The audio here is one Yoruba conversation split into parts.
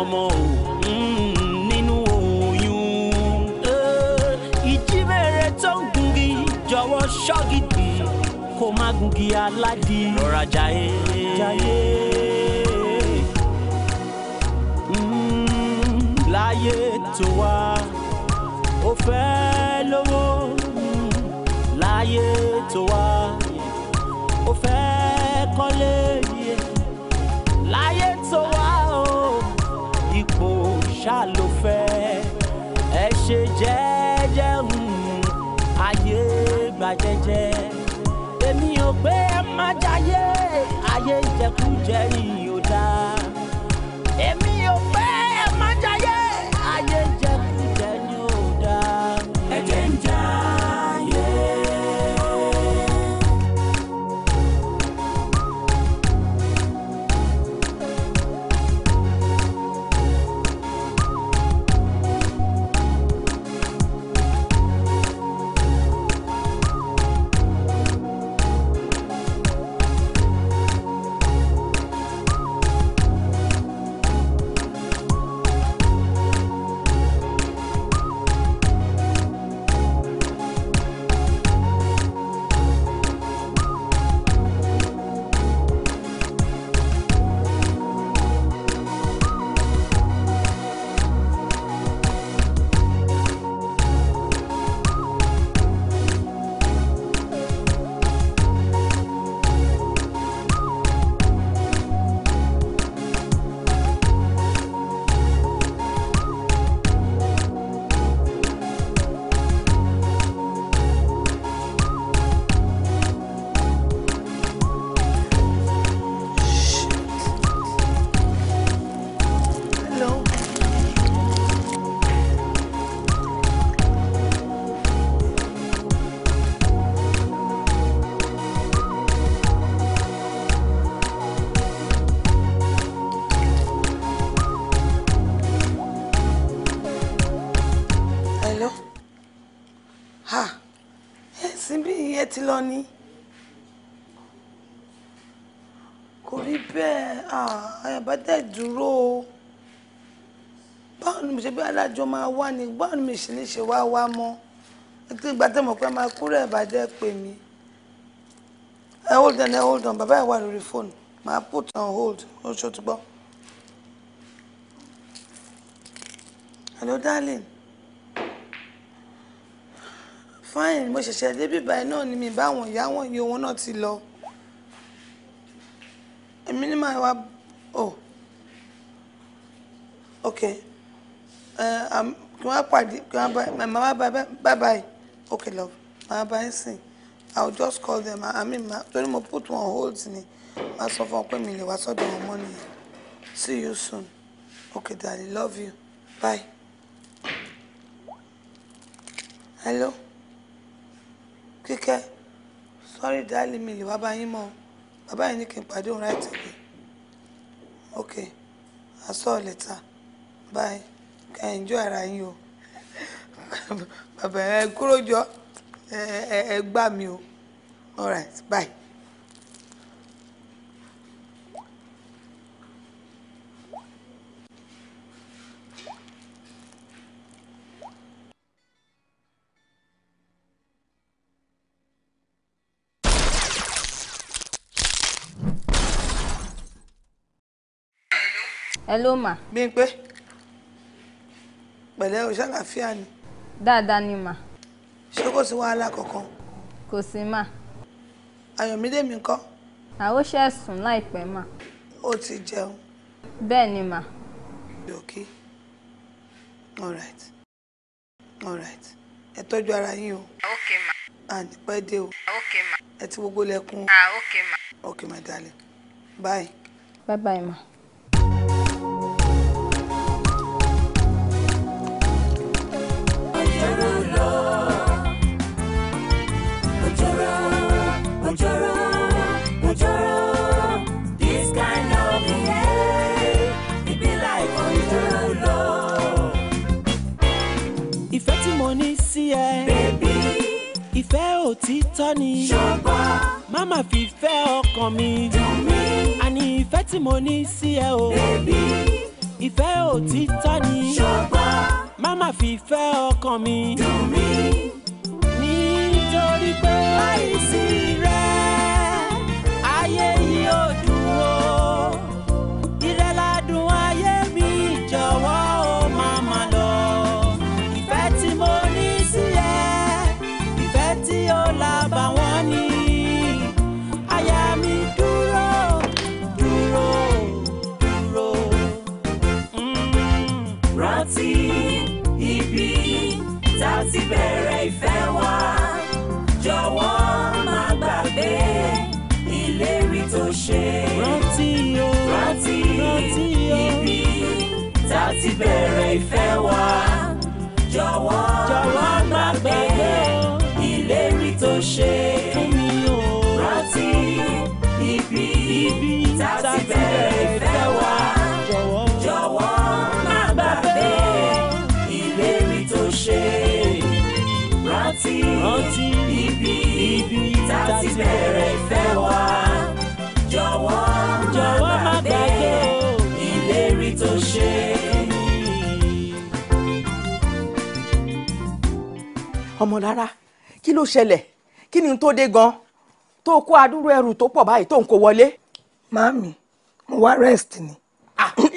ọmọ o mm, nínú oyún. ìjíbẹ̀rẹ̀ tó ń gungi jọ̀wọ́ ṣọ́gìdì kó má gungi aládì rọra jayé. Mm, láyé tó wá ó fẹ́ lówó láyé tó wá ó fẹ́ kọ́lé. ṣáà ló fẹ́ ẹ ṣe jẹ́jẹ́ ayé gbà jẹ́jẹ́ èmi ò pé ẹ má jayé ayé ìjẹkújẹ yìí ò dáa. ni kò rí bẹ́ẹ̀ àyàbátẹ̀ dúró o báwo ni mo ṣe bí adájọ́ máa wá ni báwo ni mo ṣe lè ṣe wá wá mọ́ nítorí ìgbà tẹ́ mọ̀ pé máa kúrò ìbàjẹ́ pè mí ẹ hold on ẹ hold on bàbá ẹ wà lórí fóònù màá put on hold oṣù tó gbọ́ hello darling fine mo ṣẹ̀ṣẹ̀ débí báyìí náà ni mi báwọn ìyá wọn iye wọn náà ti lọ èmi ní màá wá o ok kí wọ́n pàdé kí wọ́n bá màmá bye bye ok love màmá bá ń sìn i will just call them i mean ma torí mo put one hold ni ma sọ fún ọ pé mi lè wá sọ́dọ̀ wọn mọ́ nìyẹn see you soon Okay, darling love you bye hello kíkẹ́ sorry darling mi lè wá bá yín mọ́ o bàbá yìí ní kí n pàdé òun right away okay I saw you bye kẹ́ ẹ̀ enjoy ara yín o bàbá ẹ kúrò jọ ẹ ẹ gbà mí o all right bye. ẹ ma? Mimpe? Bímpé pẹ̀lẹ́ o ṣàlàfíà ni. dáadáa ni mà. ṣé kò sí wàhálà kankan. kò sí ma. Ayọ̀mídé mi ńkọ́. àwọn ṣe sùn láìpẹ́ ma. O ti jẹun. bẹ́ẹ̀ ni ma. okay all right all right ẹ tọ́jú ara yín o. okay ma. and dé o. okay ma. ẹ ti gbogbo lẹ́kùn. ah okay ma. okay ma darling bye. bye bye ma. lóòótọ́ ni. ṣùgbọ́n mama fi fẹ́ ọkàn mi. dùn mí. àní ìfẹ́ tí mo ní sí ẹ o. bèbí. ìfẹ́ òtítọ́ ni. ṣùgbọ́n mama fi fẹ́ ọkàn mi. dùn mí. nítorí pé àìsí rẹ. bẹ̀rẹ̀ ìfẹ́ wa jọ̀wọ́ jọ̀wọ́ gbàgbé ìlérí tó ṣe rántí ibi tá a ti bẹ̀rẹ̀ ìfẹ́ wa jọ̀wọ́ má gbàgbé ìlérí tó ṣe rántí ibi tá a ti bẹ̀rẹ̀ ìfẹ́ wa jọ̀wọ́ jọ̀wọ́ má gbàgbé ìlérí tó ṣe. ọmọlára kí ló ṣẹlẹ̀ kí ni tó dé gan tó kó adúrú ẹrù tó pọ̀ báyìí tó ń kó wọlé. màámi mo wá rest ni.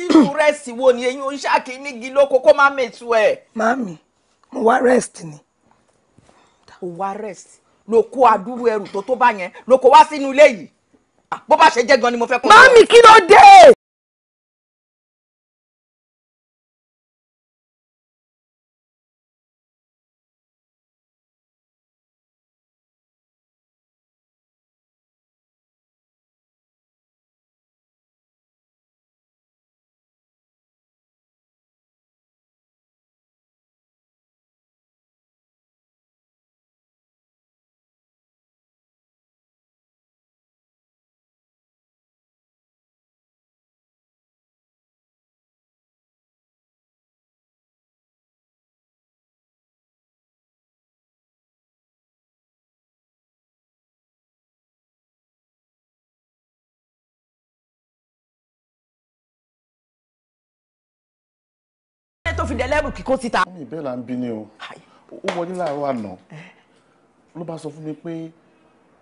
irú rest wo ni eyín oníṣàkí nígi lóko kó má mètú ẹ. màámi mo wá rest ni. o wá rest ló kó adúrú ẹrù tó tó bá yẹn ló kó wá sínú ilé yìí bó bá ṣe jẹ́ gan ni mo fẹ́ kó. màámi kí ló dé. tó fi dẹ̀lẹ́rù kíkó síta. mi bẹ́ẹ̀ la ń bí ni o ó wọlé láàárọ̀ àná ló bá sọ fún mi pé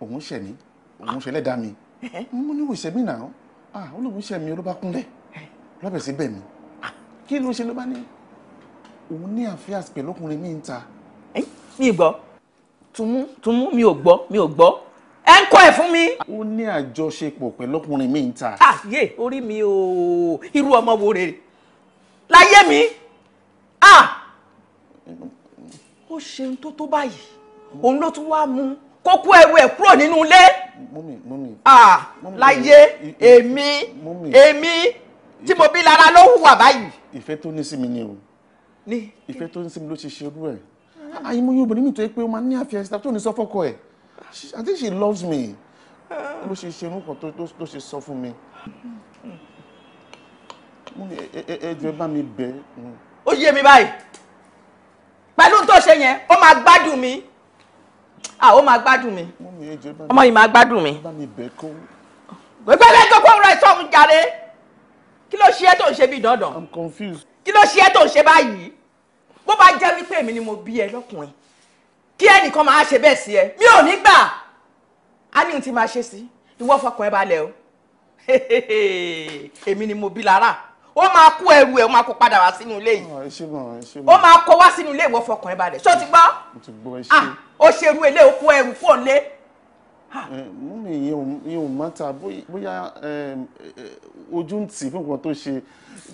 òun ṣẹ̀ mí ah. òun ṣẹlẹ̀ dá mi mo ní ìwòsàn mi náà ah olóògùn ṣẹ̀ mi ló kúnlẹ̀ lọ́bẹ̀ sí bẹ̀ mi ah. kí ló ṣe ló bá ní òun ní àfíàs pẹ̀lú mi ń ta. mi ì gbọ́ túmú túmú mi ò gbọ́ mi ò gbọ́ ẹ ń kọ́ ẹ̀ fún mi. ó ní àjọṣepọ̀ pẹ̀lú mi ń ta. àyè ah, orí mi ò irú ọmọ wo rèé láyé mi. Ah! ó ṣeun tó tó báyìí òun ló tún wá mú kókó ẹrù ẹ kúrò nínú ilé ah! láyé èmi èmi tí mo bí lára ló hùwà báyìí. ìfẹ́ tó ní sí mi ni o ìfẹ́ tó ní sí mi ló ṣe ṣe irú ẹ̀ àyìnbó obìnrin mi tó yẹ pé ó máa ní àfihàn ìsìta tó ní sọ fọ́kọ ẹ̀ I think she loves me ló ṣe ṣe irú kan tó ṣe sọ fún mi ẹ jọ̀ọ́ ẹ bá mi bẹ̀ ẹ́ ó yé mi báyìí pẹ̀lú tó ṣe yẹn ó máa gbádùn mi ah ó máa gbádùn mi ọmọ yìí máa gbádùn mi gbẹgbẹ bẹ tó kó ń rẹ sọhún jàre kí ló ṣe é tó ń ṣe bíi dandan I'm confused kí ló ṣe é tó ń ṣe báyìí bó bá jẹ́ wípé èmi ni mo bí ẹ lọ́kùnrin kí ẹnìkan máa ṣe bẹ́ẹ̀ sí ẹ mi ò ní gbà á ní ohun tí máa ṣe sí ìwọ fọkàn ẹ balẹ̀ o èmi ni mo bí lára ó máa kó ẹrù ẹ̀ ó máa kó padà wá sínú ilé yìí ó máa kó wá sínú ilé ìwọ fọkàn ẹ balẹ̀ ṣó ti gbọ́ ó ṣerú ilé ó kó ẹrù kó lé. mú mi ìyẹn ò mọ́ta bóyá ojú ń tì fún nǹkan tó ṣe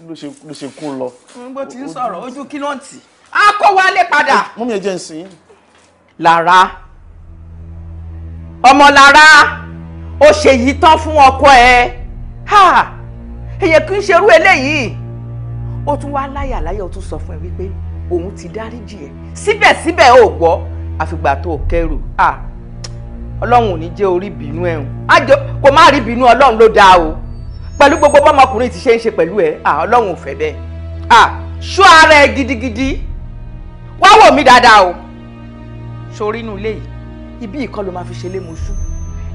ló ṣe kó lọ. bó ti ń sọ̀rọ̀ ojú kí ló ń tì á kó wálé padà. mú mi ẹ jẹ́ nsìn. lára ọmọ lára ó ṣèyí tán fún ọkọ ẹ. Ha! èyàn kì í ṣerú eléyìí ó tún wá láyà láyà ó tún sọ fún ẹ wípé òun ti dáríjì ẹ síbẹ̀síbẹ̀ ò gbọ́ àfìgbà tó o kẹrù à ọlọ́run ò ní jẹ́ orí bínú ẹ̀ hùn àjọ kò má rí bínú ọlọ́run ló dáa o pẹ̀lú gbogbo bọ́mọkùnrin ti ṣe ń ṣe pẹ̀lú ẹ à ọlọ́run ò fẹ́ bẹ́ẹ̀ à ṣọ́ ara ẹ gidigidi wá wò mí dáadáa o sórí inú ilé yìí ibí ìkọlù máa fi ṣe lé mọ́ṣú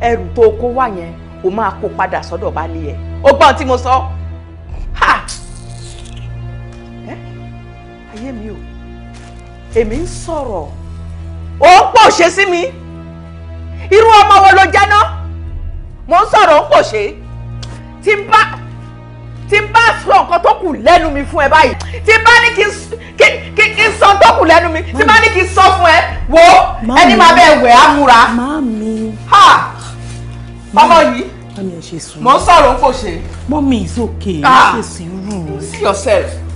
ẹrù tó o kó wá yẹn o máa kó padà sọ́dọ̀ baálé ẹ̀ ó gbọ́n tí mo sọ ha ayé mi o èmi ń sọ̀rọ̀ ó ń pòṣe sí mi irú ọmọ wo ló jẹ́ náà mo ń sọ̀rọ̀ ń pòṣe tí n bá tí n bá sọ nǹkan tó kù lẹ́nu mi fún ẹ báyìí tí n bá ní kí kí n sọ tó kù lẹ́nu mi tí n bá ní kí n sọ fún ẹ wo ẹni máa bẹ wẹ̀ á múra ọmọ yìí. Mami, ẹ ṣe sùúrù. it's okay. Ah! Ẹ ṣe sùúrù. See yourself.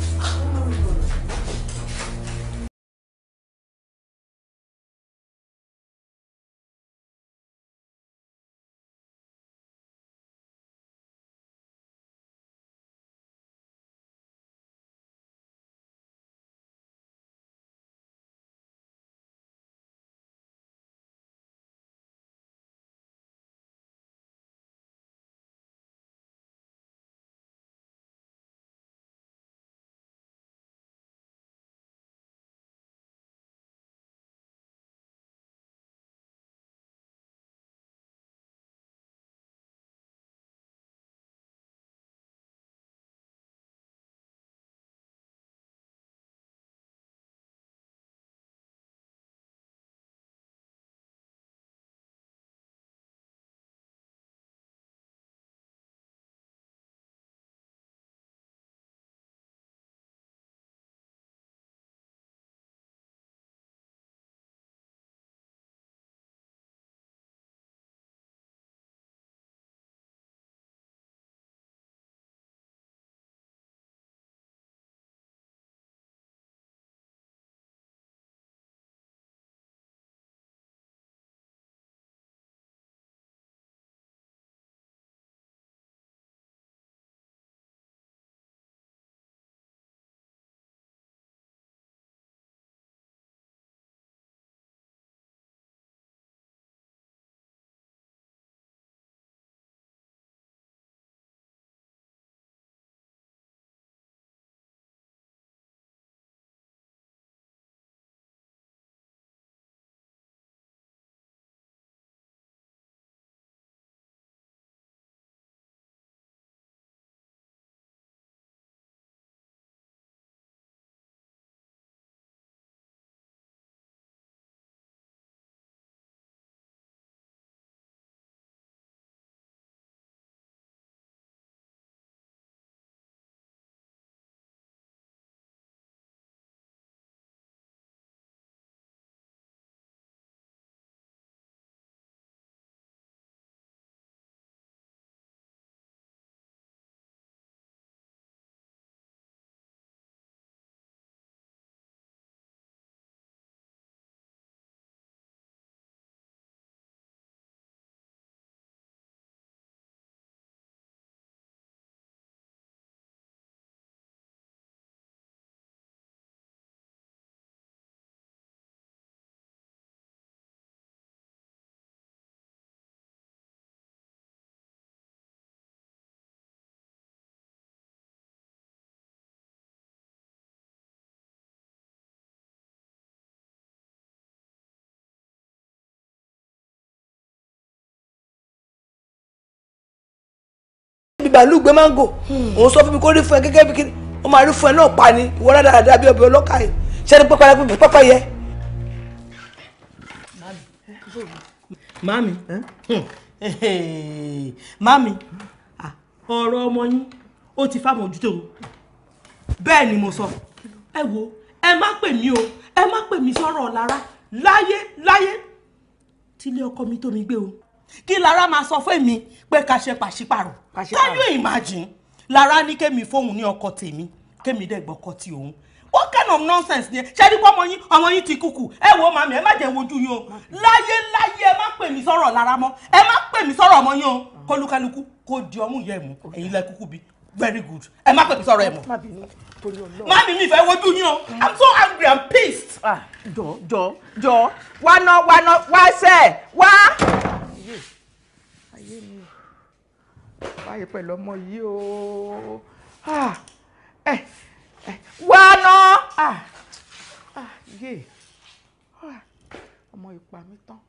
bí bàálù gbé mángò hmm. òun sọ fún mi kó rí fún ẹ gẹ́gẹ́ bí kí wọ́n máa rí fún ẹ náà pa ni ìwọ dáadáa bí ọbẹ̀ ọlọ́kà yìí ṣé ní pápá pápá yẹ. mami hmm. mami ah, ọ̀rọ̀ ọmọ yín ó ti fámọ̀jútó bẹ́ẹ̀ ni mo sọ ẹ wo ẹ má pè mí o ẹ má pè mí sọ̀rọ̀ ọ̀la rárá láyé láyé tílé ọkọ mi tó mi gbé o kí Lara máa sọ fún mi pé ká ṣe pàṣípàrọ̀ can you imagine Lara ní kémi fóun ní ọkọ tèmi kémi dẹ̀ gbọ́kọ ti òun what kind of nonsense ni ṣe ní pọ́mọ yín ọmọ yín ti kúkú ẹ wo màmí ẹ má jẹ́ wojú yín o láyé láyé ẹ má pè mí sọ̀rọ̀ Lara mọ́ ẹ má pè mí sọ̀rọ̀ ọmọ yín o kólúkálukú kó di ọmú ìyá ẹ̀ mú ẹ̀yin lẹ kúkú bí very good ẹ má pè mí sọ̀rọ̀ ẹ̀ mọ́ màmí mi fẹ́ wojú yín o i'm so angry i'm pissed. jọ jọ jọ wá ná wá ná wá sẹ́ẹ̀ wá ayé ayé mi báyìí pẹ̀lú ọmọ yìí o ẹ ah, ẹ eh, eh, wá náà ah, ah, yé ọmọ ìpa tán.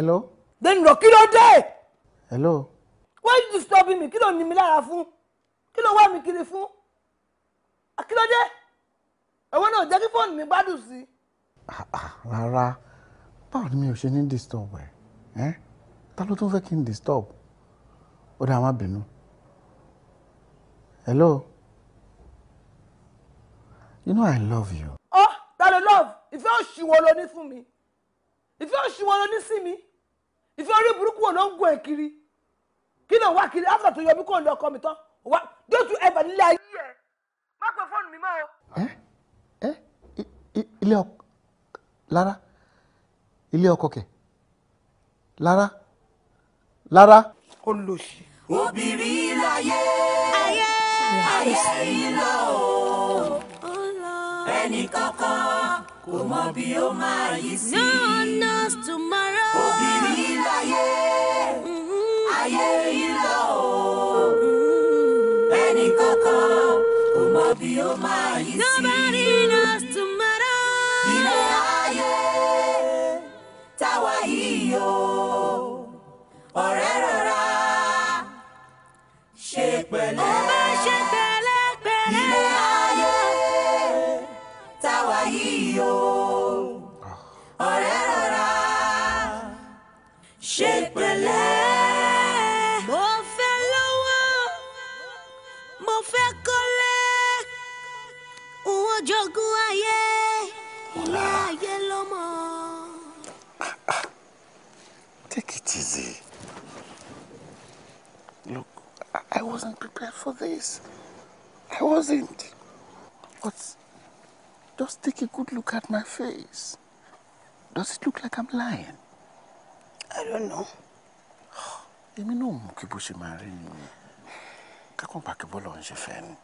hello. Then kí ló dé? hello. why you disturbing me kí ló ní mi lára fún kí ló wá mi kiri fún kí ló dé ẹ̀wọ́n náà jẹ́ kí fóònù mi gbádùn sí i. Ah, ah, rárá báwo ni mi ò ṣe ní disturb ẹ ta ló tún fẹ́ kí n disturb ó dáa má bínú hello you know I love you. ọ oh, ta ló love ìfẹ́ òṣìwọ́ ló ní fún mi ìfẹ́ òṣìwọ́ ló ní sí mi ìfẹ́ orí burúkú wo ló ń gun ẹ̀ kiri kí ló ń wá kiri after tó yọ kó ń lọ ọkọ mi tán wá dótú ẹ̀bà nílé ayé ẹ̀ má pe fóònù mi mọ́ ẹ ẹ ilé ọkọ lára ilé ọkọ kẹ lára lára. ó lò sí. obìnrin láyé ayé ayé ìlọ ẹnì kankan kò mọ bí ó máa yí sí. no one knows tomorrow. obìnrin láyé mm-hmm. ayé yìí lọ o ẹnì kankan kò mọ bí ó máa yí sí. nobody knows tomorrow. ilé ayé táwa yìí o ọ̀rẹ́ rọra ṣe pẹ̀lẹ́. Take it easy. Look, I wasn't prepared for this. I wasn't. But just take a good look at my face. Does it look like I'm lying? I don't know. Èmi náà mú kí bó ṣe máa rí ni. Kákan bá kí bọ́lọ̀ ń ṣe fẹ́ ni.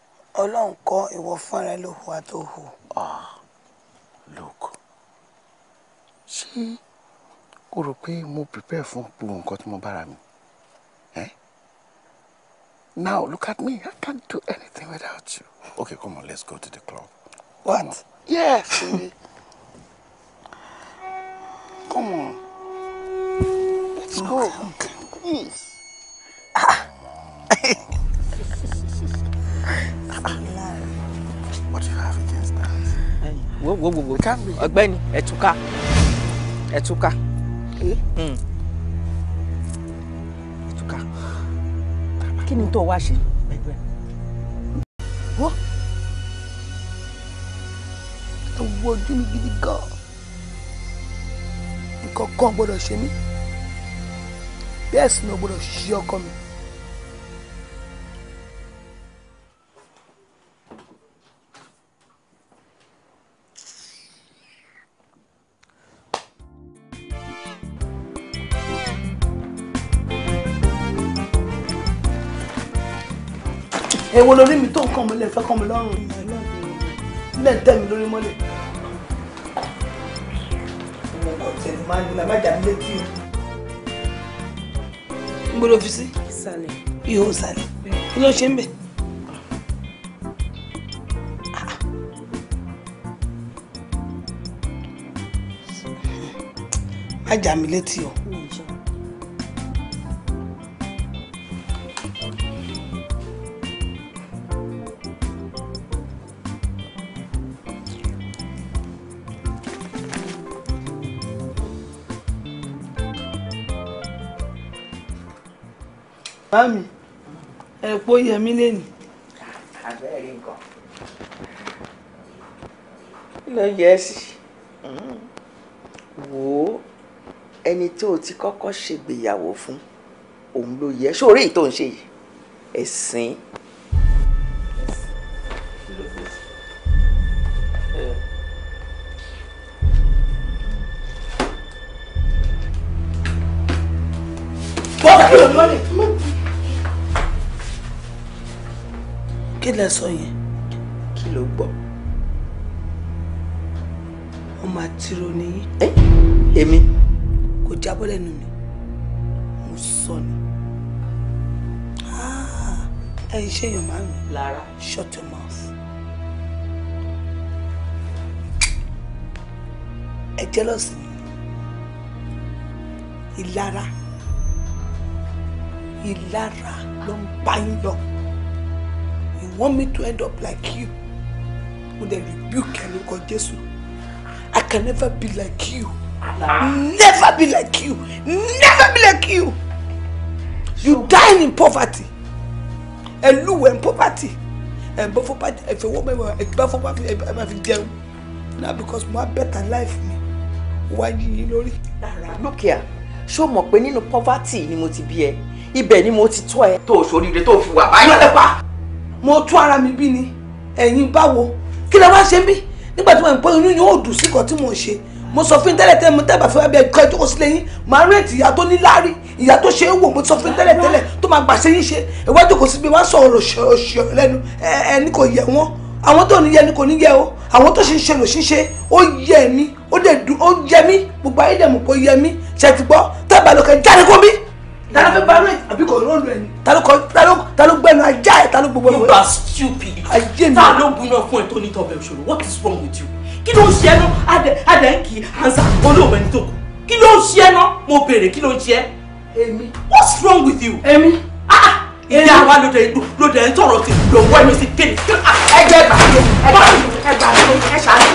Ọlọ́run kọ́ ìwọ fúnra ló hùwà tó Ah, look. Ṣé. She o rò pé mo prepare fún gbogbo nǹkan tí mo bára mi eh? now look at me I can't do anything without you okay come on let's go to the club what yes come on let's go please. Ah. What do you have against that? Whoa, whoa, whoa, whoa. It can't be. Ọ̀gbẹ́ni, Ẹ̀túká. Okay. Mm. Ìtúkà. Kí ni tó wá ṣe? Ẹgbẹ́. Wọ́n. Ẹ wo ojú mi gidi gan Nǹkan kan gbọ́dọ̀ ṣe mí. Bẹ́ẹ̀ sì ni o gbọ́dọ̀ ṣí ọkọ mi. èwo lórí mi tó ń kàn mí lè fẹ́ kàn mí lọ́rùn nílẹ̀ ń tẹ̀ mí lórí mọ́lẹ̀. mo kọ̀ tẹ̀lé máa ń lọ májà mi létí o. ń gbọ́dọ̀ fi sí. ìsàlẹ̀. ihò ìsàlẹ̀ kí ló ṣe ń bẹ̀. májà mi létí o. bá mi ẹ̀pọ̀ yẹmí lẹ́nu. àbẹ́rẹ́ nǹkan ló yẹ ẹ sí wò ó ẹni tó o ti kọ́kọ́ ṣègbéyàwó fún òun ló yẹ sórí èyí tó ń ṣe yìí ẹ̀sìn lẹ sọ yẹn kí ló gbọ́ wọ́n máa tiro níyí. èmi. kò jábọ́ lẹ́nu mi mo sọ ni ah, ẹyin ṣe èèyàn máa ń mi. Lara shut your mouth. ẹ jẹ́lọ́sì mi ìlara ìlara ló ń bá yín lọ want me to end up like you mo dey rebuke and lórúkọ Jésù I can never be like you never be like you never be like you you sure. die in poverty ẹ lúwẹ̀ in poverty ẹ bọ́ fún pàdé ẹ fẹ́ wọ́n mẹ́wàá ẹ bá fún pàdé ẹ bá because my better life mi wá yí yín look here ṣé o when you nínú poverty ni mo ti bí ẹ ibẹ̀ ni mo ti tọ́ ẹ. tó o ṣoríire tó o fi wà báyìí. lẹ́pà mo tú ara mi bí ni ẹ̀yin báwo kí lẹ wá ṣe bí nígbà tí mo ń pọ́ inú yín ó dùn sí nǹkan tí mo ń ṣe mo sọ fún tẹ́lẹ̀ tẹ́lẹ̀ mo tẹ́bà fún ẹbí ẹ̀kọ́ ìjókòó sílẹ̀ yín màá rẹ̀ǹtì ìyá tó ní láárí ìyá tó ṣe é wò mo sọ fún tẹ́lẹ̀ tẹ́lẹ̀ tó máa gbàṣẹ yín ṣe ìwádìí kò sí bí wọ́n sọ ọ̀rọ̀ ṣọ̀ lẹ́nu ẹni kò yẹ wọ́n àwọn tó ní yẹ ni kò ní yẹ o àwọn tó ṣe ń ṣe lò ṣe ó yẹ mí ó dẹ̀ dùn ó yẹ mí gbogbo ayé dẹ̀ mọ̀ pé yẹ mí ṣe ti lókè jáde kó bí tala balùwẹ̀ àbí kò rọ́ọ̀lù ẹ̀ ni. ta ló gbẹnu ajá ẹ̀ ta gbogbo ẹ̀. you are stupid. ajé mi. ta ló gbóná fún ẹ tó ní tọ́bẹ̀ òṣèlú what is wrong with you. kí ló ń ṣe ẹ́ náà adẹ̀ ń kì í hansa olóògbé ní tòkù kí ló ń ṣe ẹ́ náà mo béèrè kí ló ń ṣe ẹ́. èmi. what's wrong with you. èmi. ah ìyá wa ló dé ló dé ń tọrọ sí ló wọ ẹni sí kéde. Ah, ẹ jẹ́ ẹgbàá ló ẹgbàá ló ẹgbàá ló ẹ ṣàánú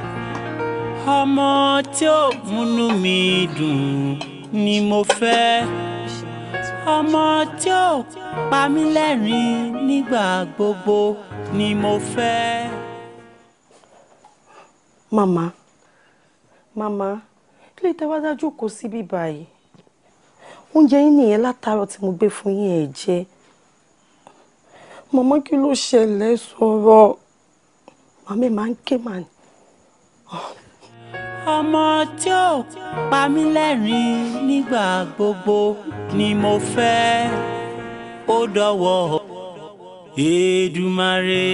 ọmọ tí ó múnú mi dùn ni mo fẹ́ ọmọ tí ó pa mí lẹ́rìn nígbà gbogbo ni mo fẹ́. màmá màmá kí lè tẹ́wá dájú kó síbí báyìí oúnjẹ yín nìyẹn látàárọ̀ tí mo gbé fún yín ẹ̀ jẹ màmá kí ló ṣẹlẹ̀ sọ̀rọ̀ màmí máa ń ké màá ọmọ tí ó pa mí lẹ́rìn nígbà gbogbo ni mo fẹ́ ó dọ̀wọ́ Èdùmàrè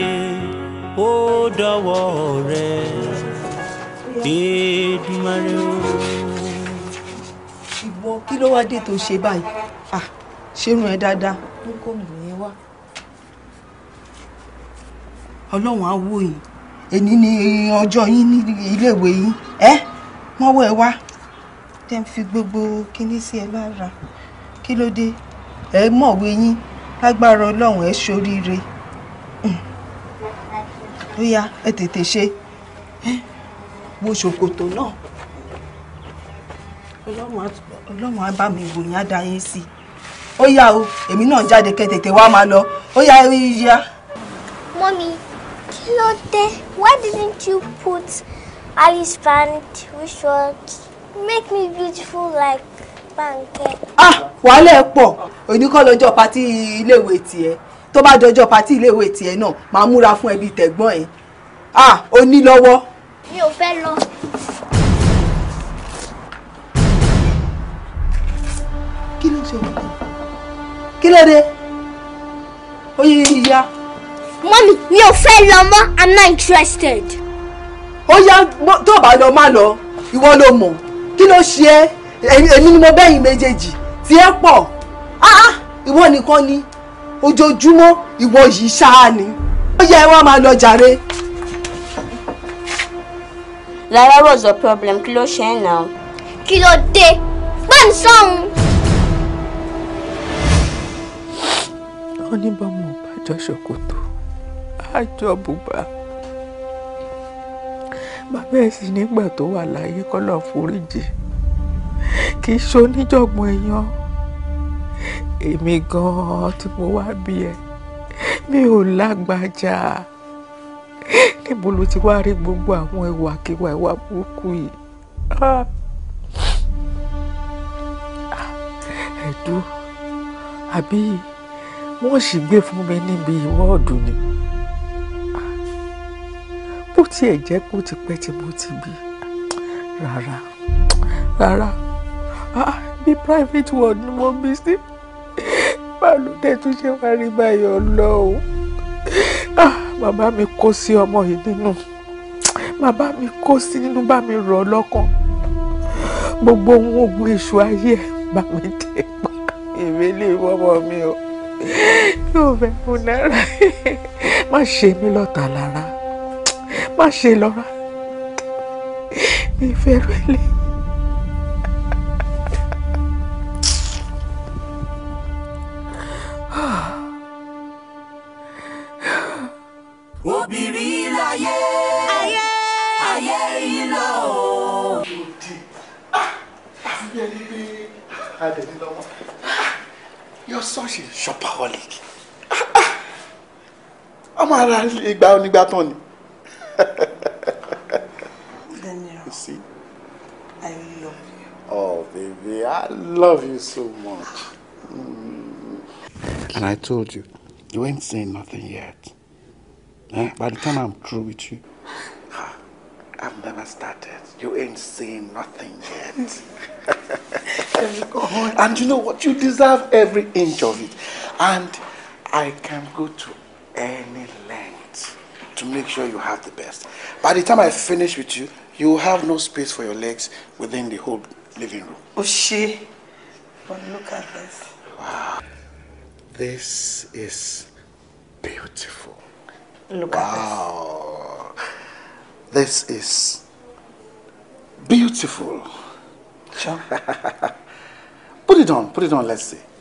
ó dọ̀wọ́ rẹ Èdùmàrè ó. ìwọ kí ló wá dé tó ṣe báyìí ṣerun ẹ dáadáa ló kọ́ mi yẹn wá ọlọ́run á wò yín èní ni ọjọ́ yín ní iléèwé yín ẹ wọ́n wọ ẹ wá tẹ́ ń fi gbogbo kinní sí ẹ lára kí ló dé ẹ mọ̀wé yín lágbára ọlọ́run ẹ ṣoríire ó yá ẹ tètè ṣe wo ṣòkòtò náà ọlọ́run á bá mi wò yín á dá yín sí i ó yá o èmi náà jáde kẹ́ tètè wá máa lọ ó yá ẹ yá. mọ́mi Kí ló Why didn't you put Alice band which was make me beautiful like Banke? Ah, wàhálà ẹ pọ̀. Òní kọ́ lọ́jọ́ patí iléèwé tiẹ̀. Tó bá dọjọ́ patí iléèwé tiẹ̀ náà, màá múra fún ẹbí tẹ̀gbọ́n ẹ̀. Ah, o ní lọ́wọ́. Mi ò fẹ́ lọ. Kí ló Kilo de, òkú? Kí ló dé? mọ́mí mi ò fẹ́ lọ mọ́ i'm not interested. ó yá tó o bá lọ má lọ ìwọ ló mọ̀ kí ló ṣe ẹ́ èmi ni mo bẹ́yìn méjèèjì tí ẹ pọ̀ ah, ah, ìwọ nìkan ni ojoojúmọ́ ìwọ yìí ṣáá ni ó yẹ ẹ wá máa lọ jàre. Lara was your problem kí ló ṣe é náà. kí ló dé gbọ́n sọ́hun. ó ní bọ́mọ ò bá jọ ṣòkòtò àjọ bùbá bàbá ẹ̀ sì nígbà tó wà láyé kọ́lọ̀ foríjì kì í ṣe oníjọ̀gbọ̀n èèyàn èmi gan-an tí mo wá bí ẹ mi ò lágbájá níbo ló ti wá rí gbogbo àwọn ìwàkiwà ìwà burúkú yìí ẹ̀dùn àbí wọ́n sì gbé fún mi níbi ìwọ́ọ̀dù ni bó tiẹ̀ jẹ́ kó ti pẹ́ tí mo ti bí rárá rárá ah, bí private ward ni mo bí sí báàlù dẹ̀ tún ṣe wá rí báyọ̀ lọ o ah, bàbá mi kó sí ọmọ yìí nínú bàbá mi kó sí nínú bá mi rọ̀ lọ́kàn gbogbo ohun ogun èṣù ayé ẹ̀ bá mi dé pa èmi lè wọ́mọ mi o yóò fẹ́ fún náírà má ṣe mí lọ́tà lára má ṣe lọ́ra mi fẹ́ rẹ́lẹ̀. obìnrin láyé You're such a shopaholic. Ah, ah. ọmọ ara ìgbà onígbà tán ni. Daniel. You see? I love you. Oh, baby, I love you so much. Mm. And I told you, you ain't saying nothing yet. Eh? By the time I'm through with you, I've never started. You ain't saying nothing yet. and you know what? You deserve every inch of it. And I can go to any length to make sure you have the best. By the time I finish with you, you will have no space for your legs within the whole living room. Oh, she. But look at this. Wow. This is beautiful. Look wow. at this. Wow, This is beautiful. Sure. put it on, put it on, let's see.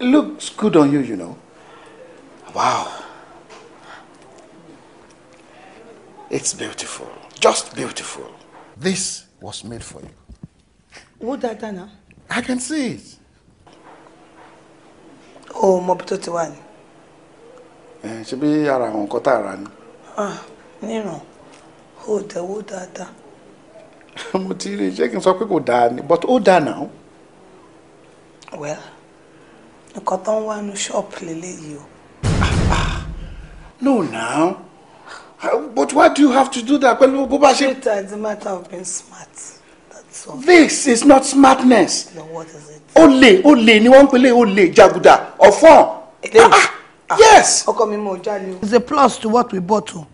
Looks good on you, you know. Wow. It's beautiful. Just beautiful. This was made for you. Wo dáadáa náà? I can see it. Oh, mọ bí tó ti wà ní. Ṣé bí ara àwọn nǹkan tá a rà ni? Níràn, o dẹ̀wó dáadáa. but Oda now. Well, the tó one wá nu ṣọ́ọ̀pù lélẹ́yìí ah, ah, No now. But why do you have to do that? Well, bó bá ṣe. Peter is a matter of being smart. That's all. This is not smartness. No, what is it? Olè olè ni wọ́n pele pèlè Jaguda. jàgùdà ọ̀fọ́n. Eléyìí. Ah, ah, yes. Ọkọ mi mo It's a plus to what we bought to. Oh.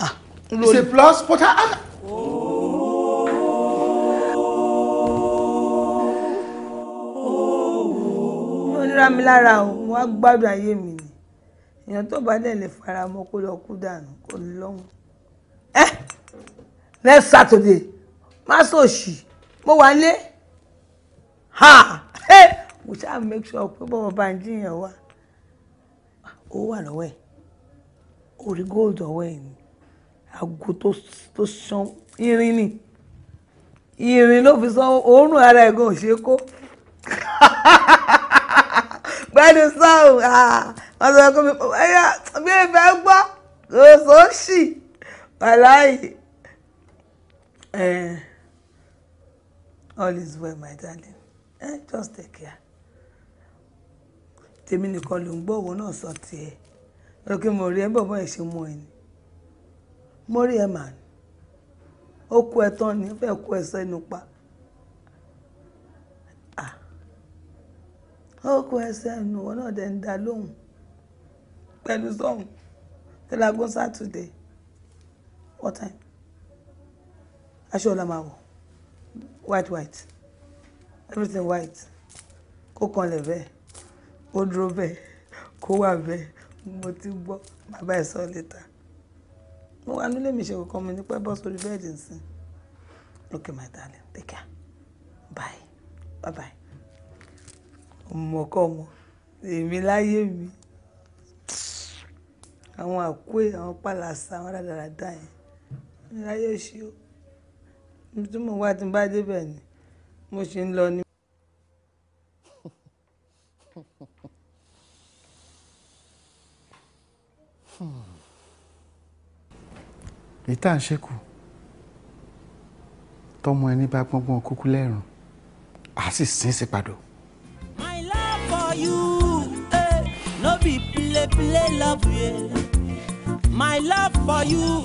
Ah. It's a plus but I. I... Oh. ra mi lára o èèyàn tó bá dẹ̀ lè fara mọ́ kó lọ kú dànù kó ní lọ́hùn. ẹ next Saturday má sòṣì mo wà lé ha ẹ mo ṣáà make sure pé bọ́bọ̀ bá ń jiyàn wá ó wà lọ́wọ́ ẹ̀ orí gold ọwọ́ ẹ̀ ni àgò tó san irin ni irin ló fi san òórùn ara ẹ̀ gan ò ṣe kó gbẹ́ni sáà. wọ́n sọ pé bóyá mi ò gbọ́ kò sóṣì wàláyé. Eh, all is well my darling eh, just take care. tèmi nìkan ló ń náà sọ tiẹ̀ lọ kí mo rí ẹ bọ̀bọ̀ ẹ̀ ṣe mú ẹ ni mo rí ẹ màá ó kú ẹ tán ni ó fẹ́ kú ẹ sẹ́nu pa. Ah. ó kú ẹ náà dẹ̀ ń da pẹ̀lú sọ́hùn then I go Saturday what time aṣọ ọ̀la máa white white everything white kó kanlẹ̀ bẹ́ẹ̀ kó dúró bẹ́ẹ̀ kó wà bẹ́ẹ̀ mo ti gbọ́ bàbá ẹ̀ sọ létà mo wà nílé mi ṣe kọ́kọ́ mi ní pẹ́ bọ́ sórí bẹ́ẹ̀dì nsìn okay my darling take care bye bye bye ọmọkọ́ ọmọ èmi láyé mi àwọn àkúè àwọn pàlàsà àwọn rádaràda yẹn ní ráyè òṣì o ibi tí mo wá tí n bá débẹ̀ ni mo ṣe ń lọ ní. èyí ń ṣekù tọmọ ẹni bá gbọ́ngbọ́n kúkú lẹ́rùn àá sì sín sí padò. my love for you be play play love you. Yeah. My love for you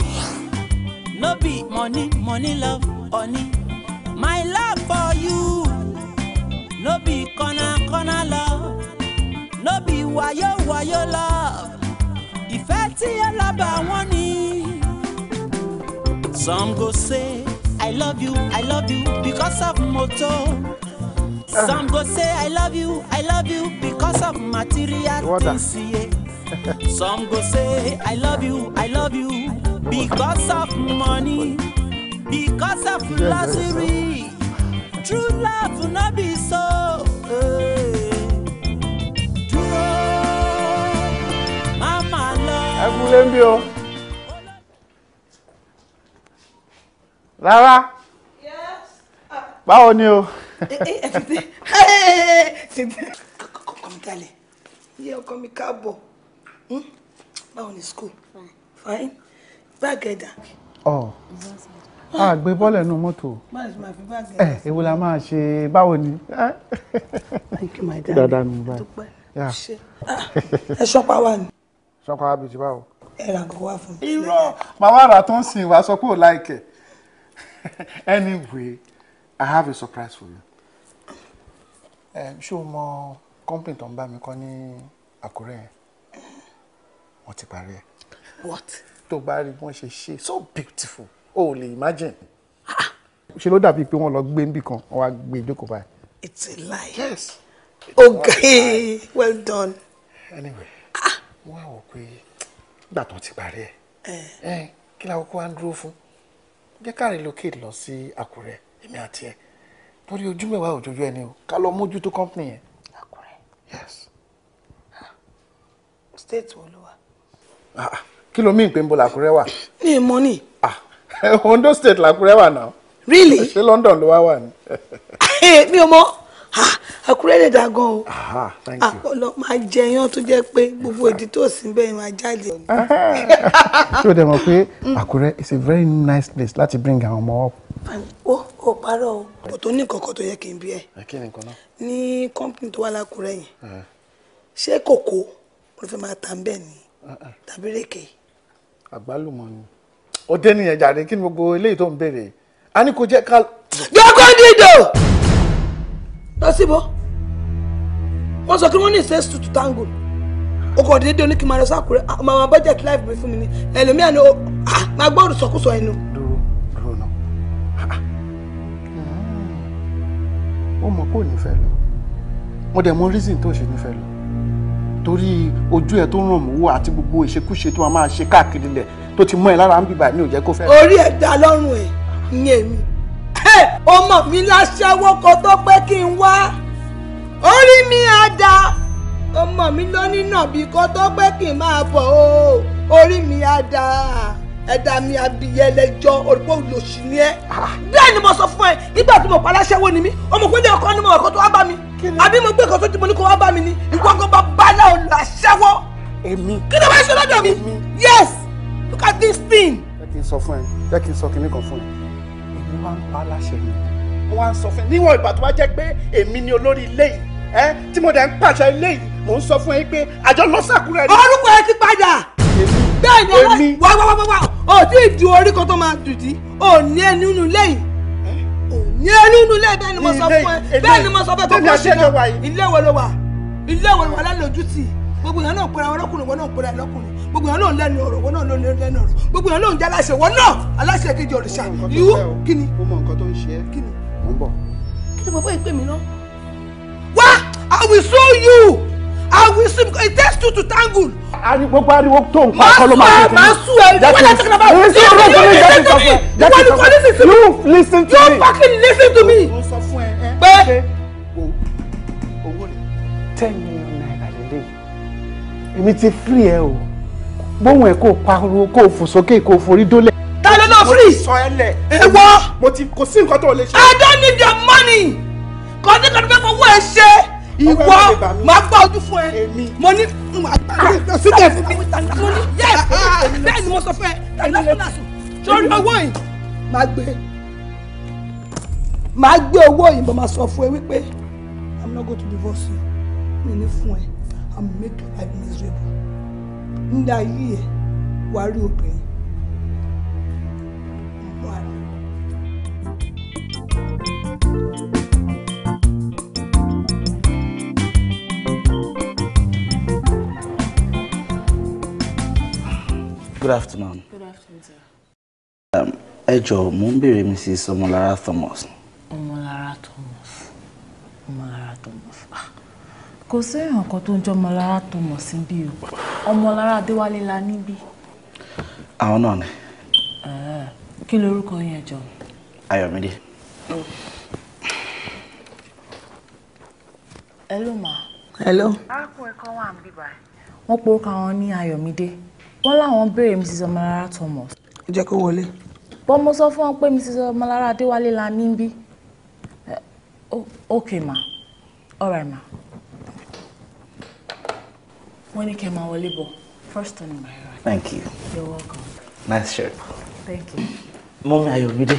no be money money love honey. My love for you no be corner corner love no be wayo wayo love If I see your love, I want it. Some go say I love you I love you because of motor. Ah. Some go say I love you, I love you because of material things. Some go say I love you, I love you because of money, because of luxury. True love will not be so. Dúró, má má lọ. Ẹ kú lé ń bí o. Rárá. Báwo ni o? come, eh, eh, eh, mi come, iye ọkọ mi káàbọ̀ hmm? báwo ni school fine gbàgẹ̀dà. ọ a gbé bọ́ọ̀lù ẹnu mọ́tò ẹ ewu la máa ṣe báwo ni. thank you my darling dada mi báyìí. Ah, ẹ ṣọpá wa ni. ṣọpá wa bìí ti báwo. ẹ ra nǹkan wá fún mi. irọ́ màmá rà tó ń sìn wá sọ pé ò láìkẹ̀ anyway i have a surprise for you ṣé o mọ company tó ń bá mi kọ́ ní Àkúrẹ́ yẹn wọ́n ti parí ẹ̀. what. tó bá rí bí wọ́n ṣe ṣe so beautiful o ò lè imagine. ṣe ló dàbíi pé wọ́n lọ gbé níbì kan wọ́n á gbé ìjókòó e báyìí. it's a lie. yes. okay well done. anyway wọ́n á wọ̀ pé nígbà tó ti parí ẹ̀ kí làwọn kó wá ń dúró fún jẹ́ ká relocate lọ sí Àkúrẹ́ èmi àti ẹ̀ torí ojú mẹ́wàá òjòjú ẹni o ká lọ mójútó company yẹn. Àkúrẹ́. yes. state wo ló wà. Ah, ah. kí ló mìíràn pé ń bọ̀ làkúrẹ́ wà. ní ìmọ̀ ni. Ah, Ondo state làkúrẹ́ wà náà. really. ṣé London ló wá wà ní. mi ò mọ̀ àkúrẹ́ lè dá gan o àpọ̀lọ máa jẹ iyán tó jẹ́ pé gbogbo ìdí tó sì ń bẹ́ẹ̀ máa jáde. ṣé o dẹ̀ mọ̀ pé mm. àkúrẹ́ is a very nice place láti bring àwọn ọmọ up. ó ó parọ́ o kò tó ní nǹkan kan tó yẹ kí n bí ẹ ní kọ́ńpìnì tó wà lákúrẹ́ yẹn ṣé kòkó ló fẹ́ máa tà ń bẹ̀ ni tàbí rèké. àgbálùmọ̀ ni ó dé nìyẹn jàre kí ni gbogbo eléyìí tó ń béèrè a ní kò jẹ́ ká. jókòó dídò lọ síbo wọ́n sọ kí wọ́n ní ìṣe tutù tango ọkọ̀ òdìdí oní kí n máa lọ sákùrẹ́ màmá budget life mi fún mi ni ẹlòmíà ni máa gbọ́ òrùsọ̀kùsọ̀ ẹnu. dúró dúró náà ó mọ̀ kó nífẹ̀ẹ́ lọ mo dẹ̀ mọ reason tó ṣe nífẹ̀ẹ́ lọ torí ojú ẹ tó ràn mówó àti gbogbo ìṣekúṣe tó máa ṣe káàkiri lẹ̀ tó ti mọ́ ẹ lára ń bíbà ní òjẹ́ kó fẹ́. orí ẹ̀ dá lọ́rùn ẹ̀ ní èmi ọmọ mi láṣẹ́wó kan tó pé kí n wá orí mi á da ọmọ mi lónìí náà bí kan tó pé kí n máa bọ̀ o orí mi á da ẹ̀dá mi abiyẹ lẹ́jọ́ olùkọ́ olùsí ni ẹ́. bẹ́ẹ̀ ni mo sọ fún ẹ nígbà tí mo pa aláṣẹ́wó ni mí ọmọkùnrin ọkọ ni mo ọkọ tó wá bá mi àbí mo gbé nǹkan tó dìbò ní kó wá bá mi ni ìwọ kan bá bá náà láṣẹ́wó. èmi kí ló bá ṣe lọ́dọ̀ mi yes look at this thing. jẹ́ kí n sọ fún ẹ jẹ́ kí n sọ kinní kan fún ẹ mo máa ń pa láṣẹ ni mo wá ń sọ fún yín níwọ̀n ìgbà tó wá jẹ́ pé èmi ni olórí ilé yìí ẹ tí mo dẹ̀ ń pàṣẹ ilé yìí mò ń sọ fún yín pé àjọ lọ́sàkúrẹ́ ni. orúkọ ẹ ti padà bẹ́ẹ̀ ni ọlọ́run wá wá wá wá ò tí ì ju orí kan tó máa dùdí ò ní ẹni nínú ilé yìí ò ní ẹni nínú ilé bẹ́ẹ̀ ni mo sọ fún ẹ bẹ́ẹ̀ ni mo sọ fún ẹ tó kọ́ sí náà ilé wo ló wà ilé wo ló wà lálẹ́ ojú gbogbo yẹn náà pẹ̀lú àwọn ọlọ́kùnrin wọn náà pẹ̀lú àwọn gbogbo yẹn náà lẹ́nu ọ̀rọ̀ wọn náà ló lẹ́nu ọ̀rọ̀ gbogbo yẹn náà ń jẹ́ aláṣẹ wọn náà aláṣẹ kejì òrìṣà ìwú kí ni. mọ nǹkan tó ń ṣe é kí mo ń bọ̀. kí ni bàbá ìpè mí náà. wá I will show you I will see it takes two to tangle. gbogbo ariwo tó ń pa ọkọ ló máa tẹ̀lé. máa sú ẹ wọ́n náà tẹ̀lé báwo. you listen to me you listen to me you fucking listen to me. pé owó ten million naira lélẹ́yìn èmi ti free ẹ o gbóhùn ẹ̀ kó pariwo kó fò sókè kó forí dólẹ̀. ta ló lọ fúri. sọ ẹ lẹ. ẹ wọ. mo ti kò sí nǹkan tó lè ṣe. I don't need your money. kò ní kò ní fẹ́ fowó ẹ ṣe. ìwọ máa gbọ́ ojú fún ẹ. mo ní. Ah, sílẹ̀ fún mi. mo ní ah, ah, bẹ́ẹ̀ ni mo sọ fún ẹ tàbí sórí owó yìí máa gbé máa gbé owó yìí bọ́ máa sọ fún ẹ wípé I'm not going to divorce you mi ní fún ẹ I'm make your life miserable ńlá ayé ẹ̀ wá Good afternoon. Good afternoon, Um, ẹ jọ̀ọ́ mo ń béèrè Mrs. Ọmọlára Thomas. Ọmọlára Thomas. Ọmọlára Thomas. Ah kò sí èèyàn kan tó ń jẹ́ ọmọlára tó mọ̀ sí bí o ọmọlára adéwálé la níbí. àwọn náà ni. kí lorúkọ yẹn jọ. ayọ̀mídé. Oh. hello ma. hello. arákùnrin kan wà níbí báyìí. wọ́n porúkọ àwọn ní ayọ̀mídé wọ́n láwọn béèrè mrs ọmọlára thomas. jẹ́ kó wọlé. bọ́n mo sọ fún wọn pé mrs ọmọlára adéwálé la níbí. ok ma all right ma wọ́n ní kẹ́ máa wọlé bọ̀ first time. in my right. thank you. you're welcome. nice shirt. thank you. Mommy, are you ayọ̀mídé.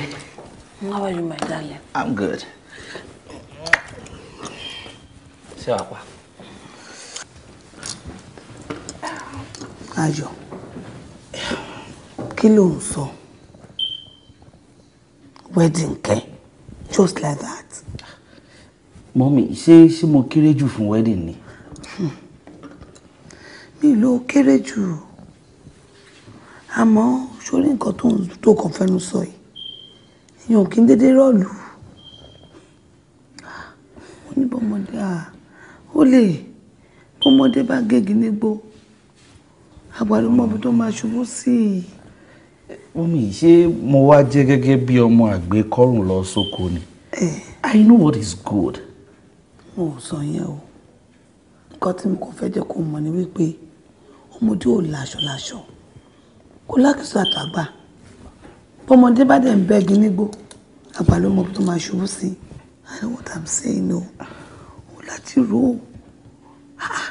how are you my darling. i'm good. ṣé wàá pa. ayọ̀ kí ló ń sọ wedding kẹ́ just like that. mọ́mí ṣé ṣé mo kéré jù fún wedding ni mi ló kéré jù àmọ́ sórí nǹkan tó ń tó kàn fẹ́nu sọ yìí èèyàn kì í dédé rọ́ọ̀lù oníbọ̀mọdé à ó lè bọ́mọdé bá gégi nígbó àgbàlùmọ̀bí tó máa ṣubú sí i. omi ṣé mo wá jẹ́ gẹ́gẹ́ bí ọmọ àgbẹ̀ kọ́rùn lọ sóko ni I know what is good. mo sọ yẹn o nǹkan tí mo kò fẹ́ jẹ́ kó mọ̀ ni wípé ọmọdé ò láṣọ láṣọ kó lákìsọ àtàgbà bọ́mọdé bá dẹ̀ ń bẹ́gi nígbó àgbà ló mọ tó máa ṣubú sí i i know what i'm saying o ò láti rò ah,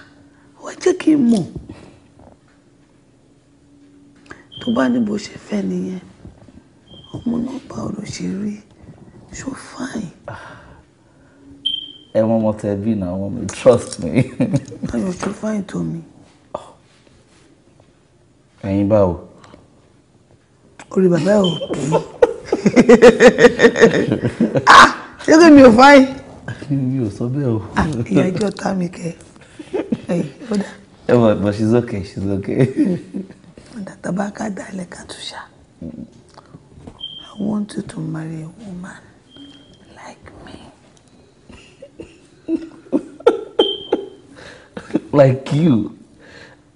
ó wá jẹ́ kí n mọ̀ tó bá ní bó ṣe fẹ́ nìyẹn ọmọ náà bá ọ̀rọ̀ ṣe rí so fine. Ah, ẹ wọn mọ tẹbi náà wọn mi trust me. ayọ̀ tó fine tó mi ẹ̀yin báwo. orí bàbá ò ah, ṣé kí mi ò fáyín. mi ò sọ bẹ́ẹ̀ o. Ah, ìyá ẹjọ́ ta mi kẹ́ ẹ̀ ó dà. ẹ wọ but she's okay she's okay. ọ̀dà tabaka dalẹ̀ katusha I want you to marry a woman like me. like you.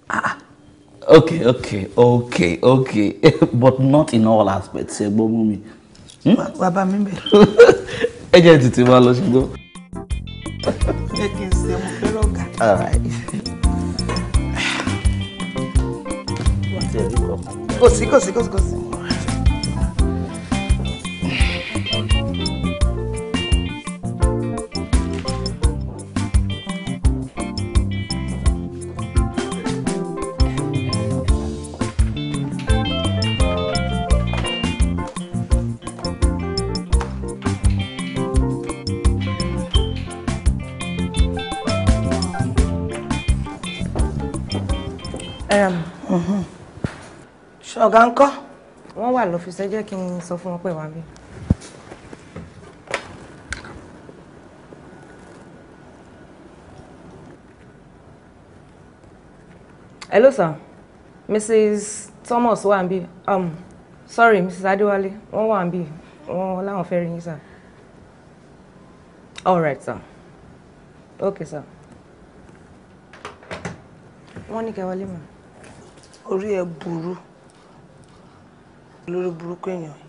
Ah okay okay okay okay but not in all aspects ẹ gbọ́ mú mi. bàbá hmm? mi bẹ̀rẹ̀. ẹ jẹ́ tètè máa lọ ṣùgbọ́n. jẹ́ kí n ṣe mo fẹ́ lọ́gà. all right. kò sí kò sí kò sí kò sí. ọ̀gá ń kọ́ wọ́n wà lọ́fíìsì jẹ́ kí n sọ fún wọn pé wà bí. hello sir mrs thomas wà um, sorry mrs adéwálé wọ́n wà ń bí wọ́n láwọn rí yín sir. all right sir okay sir. wọ́n ní kẹwàá lè mọ̀. orí ẹ burú lórí burúkú èèyàn yìí.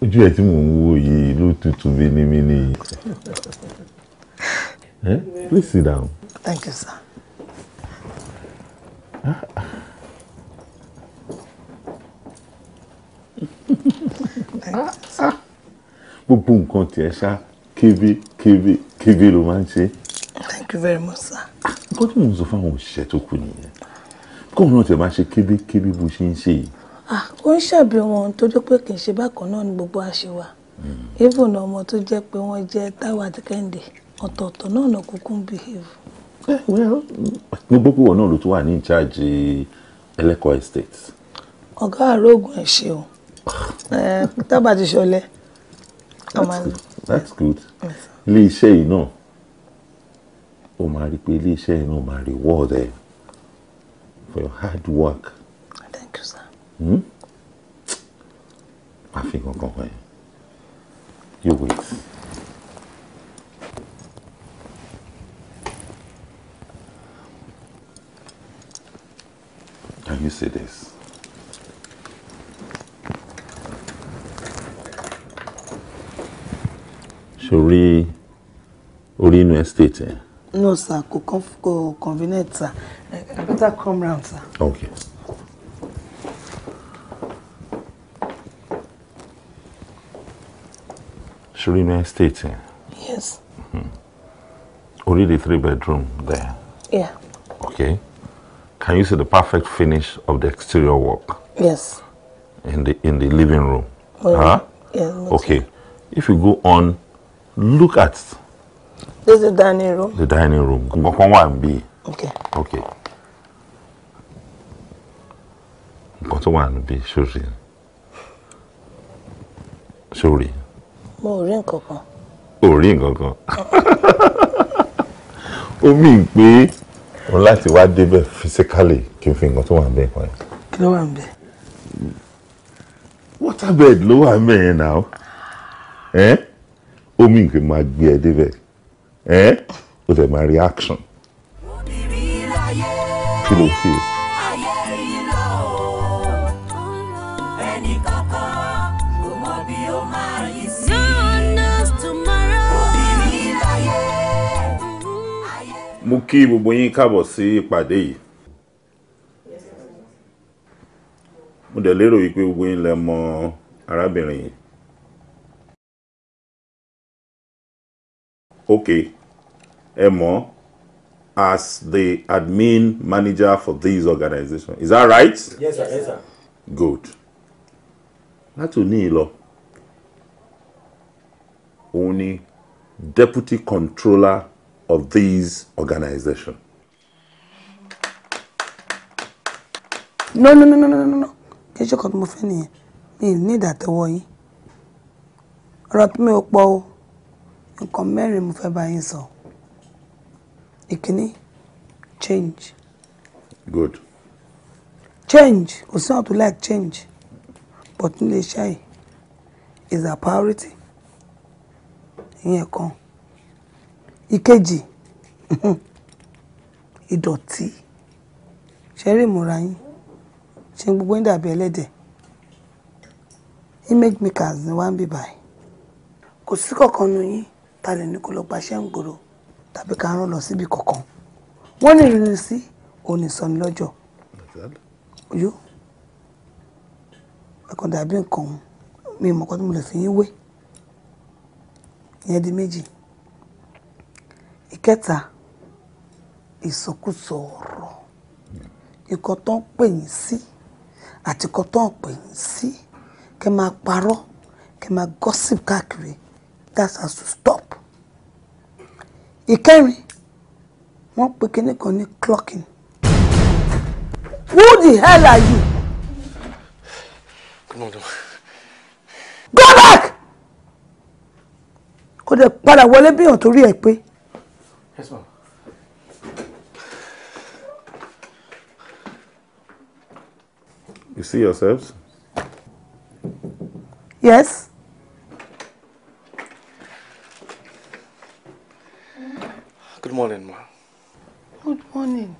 ojú ẹ tí mò ń wo yìí ló tutù mímímí nìyí. Eh? Please sit down. Thank you, sir. gbogbo nǹkan tiẹ̀ ṣá kébé kébé kébé ló máa ń ṣe. thank you very much sir. nǹkan tí mò ń sọ fáwọn òṣìṣẹ́ tó kù nìyẹn kóun náà tẹ̀ máa ṣe kébé kébé bó ṣe ń ṣe yìí. ó ń ṣàbí wọn tó jẹ́ pé kì í ṣe bákan náà ni gbogbo àṣewà hmm. even ọmọ tó jẹ́ pé wọ́n jẹ́ Táíwò àti Kẹ́hìndé ọ̀tọ̀ọ̀tọ̀ náà náà kúkú ń behave. Eh, gbogbo púpọ̀ náà ló tún wà ní ìcháàjì ẹlẹ́kọ̀ọ́ estate. ọ̀gá àrògùn ẹ̀ ṣeun eh, tábà ti ṣọlẹ̀ that's good ilé iṣẹ́ yìí náà ó máa rí pé ilé iṣẹ́ yìí náà máa reward ẹ for your hard work. thank you sir. Hmm? máa fi kankan hàn yín you wait. Can you say this? sórí orí inú estate yẹn. no sir kò kàn kò convenient sir i better come round sir. okay. sórí inú estate yẹn. yes. Mm the three bedroom there. Yeah. Okay. Can you see the perfect finish of the exterior work? Yes. In the in the living room. Well, mm. huh? Yeah, okay. Sense. If you go on look at. this is the dining room. the dining room nǹkan wà ń bí. okay. okay. nǹkan tó wà ń bí sórí sórí. mo ò rí nǹkan kan. ò rí nǹkan kan. ó mì pé o láti wá débẹ̀ physically kí n fi nǹkan tó wà ń bẹ̀ pa ẹ̀. kí ló wà ń bẹ̀. waterbed ló wà ń yẹn náà. Eh? ó mì pé máa gbé ẹ débẹ̀ ẹ́ ó tẹ̀ máa reaction kí ló fi. mo kí gbogbo yín káàbọ̀ sí ìpàdé yìí mo dẹ̀ lérò yìí pé gbogbo yín lẹ mọ arábìnrin yìí okay, Emo, as the admin manager for this organization. Is that right? Yes, sir. Yes, sir. Good. Láti òní lọ, òun ni deputy controller of this organization. No, no, no, no, no, no, no. You should ṣe kan tí mo fẹ́ nìyẹn. Mi ò ní ìdàtọ̀wọ́ yín. Ọ̀rọ̀ nǹkan mẹ́rin mo fẹ́ bá yín sọ ìkíní change. good. change kò sí àwọn like change but nílé iṣẹ́ yìí is a priority ìyẹn kan ìkejì ìdọ̀tí ṣẹ́rí ìmúra yín ṣe gbogbo ń dàbí ẹlẹ́dẹ̀ image makers ni wá ń bì báyìí kò sí kankan nu yín ta lè ní kó lọ gbaṣẹ́ ń gbòòrò tàbí ká rán lọ síbi kankan wọ́n ní ìrírí sí òní sọni lọ́jọ́ yó ẹ̀kan dàbí nǹkan mi mọ̀ kọ́ tí mo lè fi yín wé ìyẹn di méjì ìkẹta ìsọkúsọ ọ̀rọ̀ ìkọ́ tó ń pè yín sí àti ìkọ́ tó ń pè yín sí kẹ́ máa parọ́ kẹ́ máa gossip káàkiri that's how to stop ìkẹrin wọ́n pe kinní kan ní clocking who the hell are you. come on. go back. kò dé padà wọlé bí ọ̀tún rí ẹ pé. yes ma'am. You see yourselves? Yes. Good morning, ma. Good morning.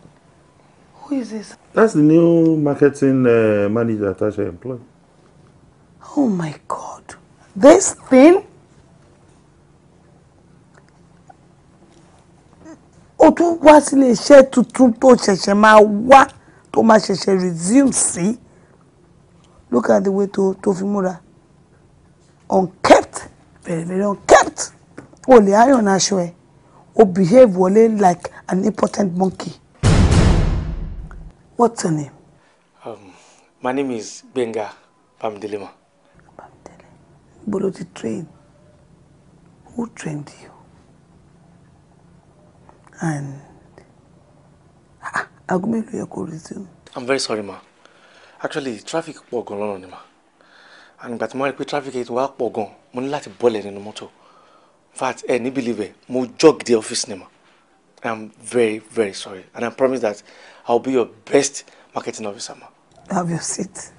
Who is this? That's the new marketing uh, manager I employ. Oh my God. This thing? O tún wá sílé iṣẹ́ tuntun tó ṣẹ̀ṣẹ̀ máa wá tó máa ṣẹ̀ṣẹ̀ resume see. Look at the way to tofimura. fi Unkept, very very unkept. O lè iron aṣọ o behave wọlé like an important monkey. What's your name? Um, my name is Benga Bamdelema. Bamdele. Bolo ti train. Who trained you? And ah, aago mélòó yẹ kó resume. I'm very sorry ma. Actually traffic pọ̀ gan lọ́nà ni ma. And ìgbà tí mo rí i pé traffic yìí ti wá pọ̀ gan, mo ní láti bọ́lẹ̀ nínú mọ́tò in fact ẹ ní believe ẹ mo jog the office ni i am very very sorry and i promise that i will be your best marketing officer ma. have your seat.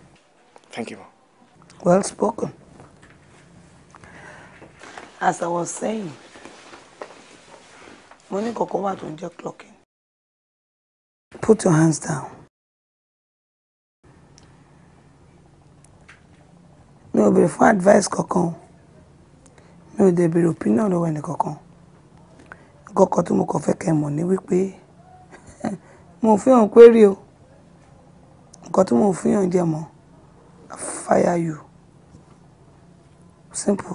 thank you ma. well spoken. as i was saying money ní kọ̀kọ́ wà tó ń jẹ́ clocking. put your hands down. No, ò béèrè advice kankan mi ò dẹ̀ bèrè opinion lọ́wọ́ ẹnì kankan nǹkan kan tí mo kàn fẹ́ kẹ́ mọ̀ ni wípé mo fihàn query o nǹkan tí mo fihàn jẹ mọ́ fire you simple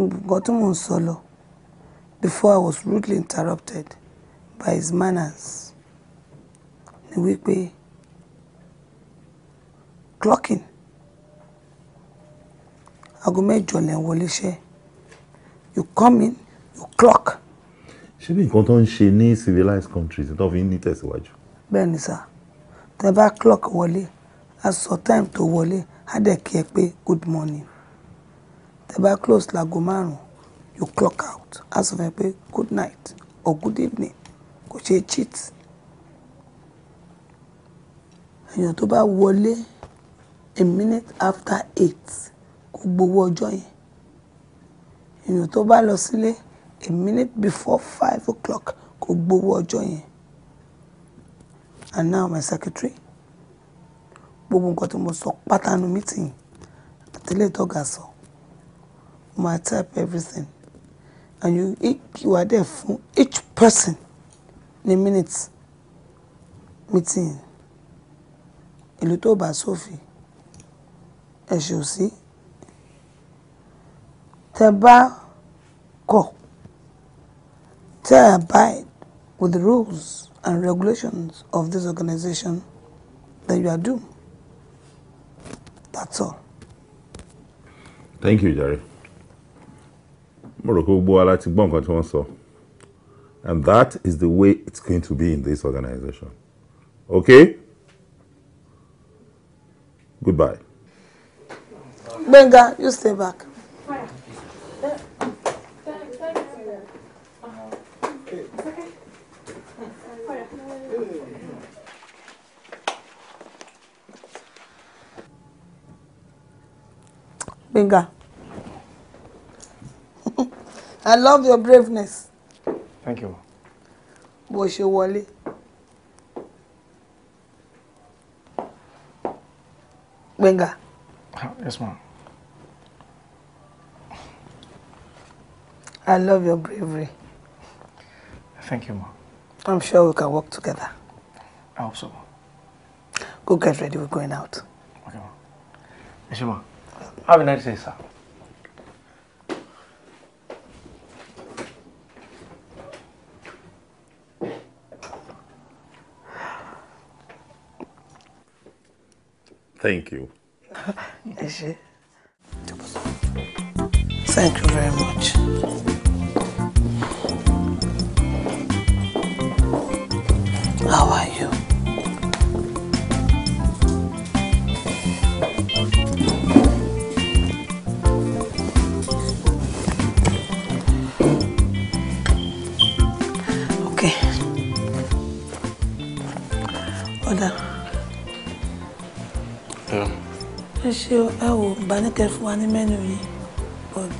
nǹkan tí mo ń sọ lọ before I was rudely interrupted by his manners ni wípé clocking aago mẹ́jọ lẹ́ ń wọlé iṣẹ́ you come in you clock. ṣé bí nǹkan tó ń ṣe ní civilized countries tó fi ń ní tẹ̀síwájú. bẹ́ẹ̀ ni sà tẹ bá clock wọlé a sọ time tó wọlé a dẹ̀ kí ẹ pé good morning tẹ bá close láago márùn you clock out a sọ fún ẹ pé good night or good evening kò ṣe cheat èèyàn tó bá wọlé a minute after eight kó gbowó ọjọ́ yẹn èèyàn tó bá lọ sílé a minute before five o'clock kó gbowó ọjọ́ yẹn and now my secretary gbogbo nǹkan tí mo sọ pátánù meeting àtẹlẹ ìtọ́gà sọ mo máa type everything and you you are there fún each person ní minute meeting ìlú tó bá sófin ẹ̀ṣẹ̀ ò sí tẹ́ bá kọ̀ tẹ́ abide with the rules and regulations of this organization then you are doomed. That's all. Thank you, Jerry. Mo rò pé gbogbo wa láti gbọ́ nǹkan tí wọ́n sọ. And that is the way it's going to be in this organization. Okay? Goodbye. Benga, you stay back. Fire. Benga. I love your braveness. Thank you. Bó ṣe wọlé. Benga. Yes, ma'am. I love your bravery. Thank you, ma'am. I'm sure we can work together. I hope so. Go get ready. We're going out. Okay, ma'am. Yes, ma'am. Have a nice day, sir. Thank you. Thank you very much. ẹ ṣe ẹ wò ìbánikẹ́ fún wa ní mẹ́nu yìí but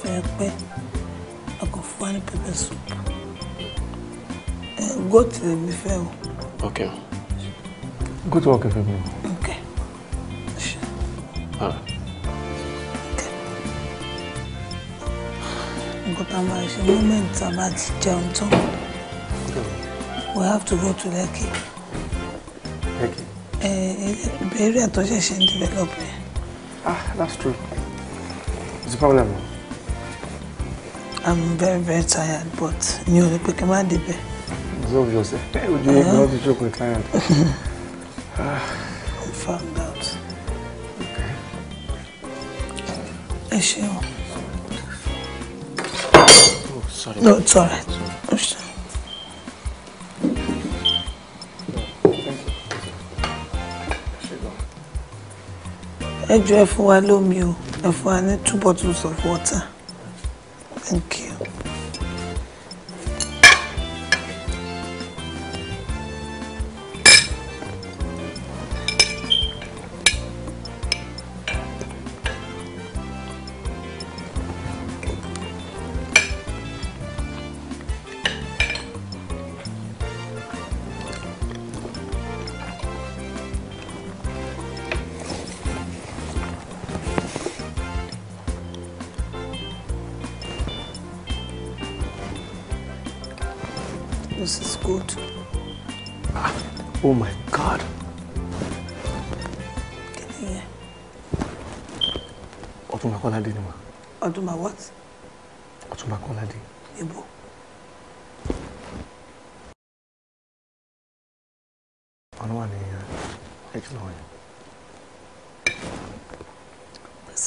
fẹ́ pẹ́ a kò fún wa ní pepper soup goat lè mi fẹ́ o. ok goat wà kẹfẹ mi. ok ṣe. nǹkan tá a máa ṣe moment tá a bá ti jẹun tán hmm. we have to go to Lekki. Eh, area tó ṣẹ̀ṣẹ̀ develop ah that's true it's a problem. i'm very very tired but mi ò rí pé kí n má débẹ̀. it's obvious eh, eh, ojú yẹn gbọ́dọ̀ uh-huh. ti ṣokùn client. i'm found out. ẹ ṣeun. Oh, no it's alright. ẹ jọ̀ọ́ ẹ fún wa lómi o ẹ fún wa ní two bottles of water thank you.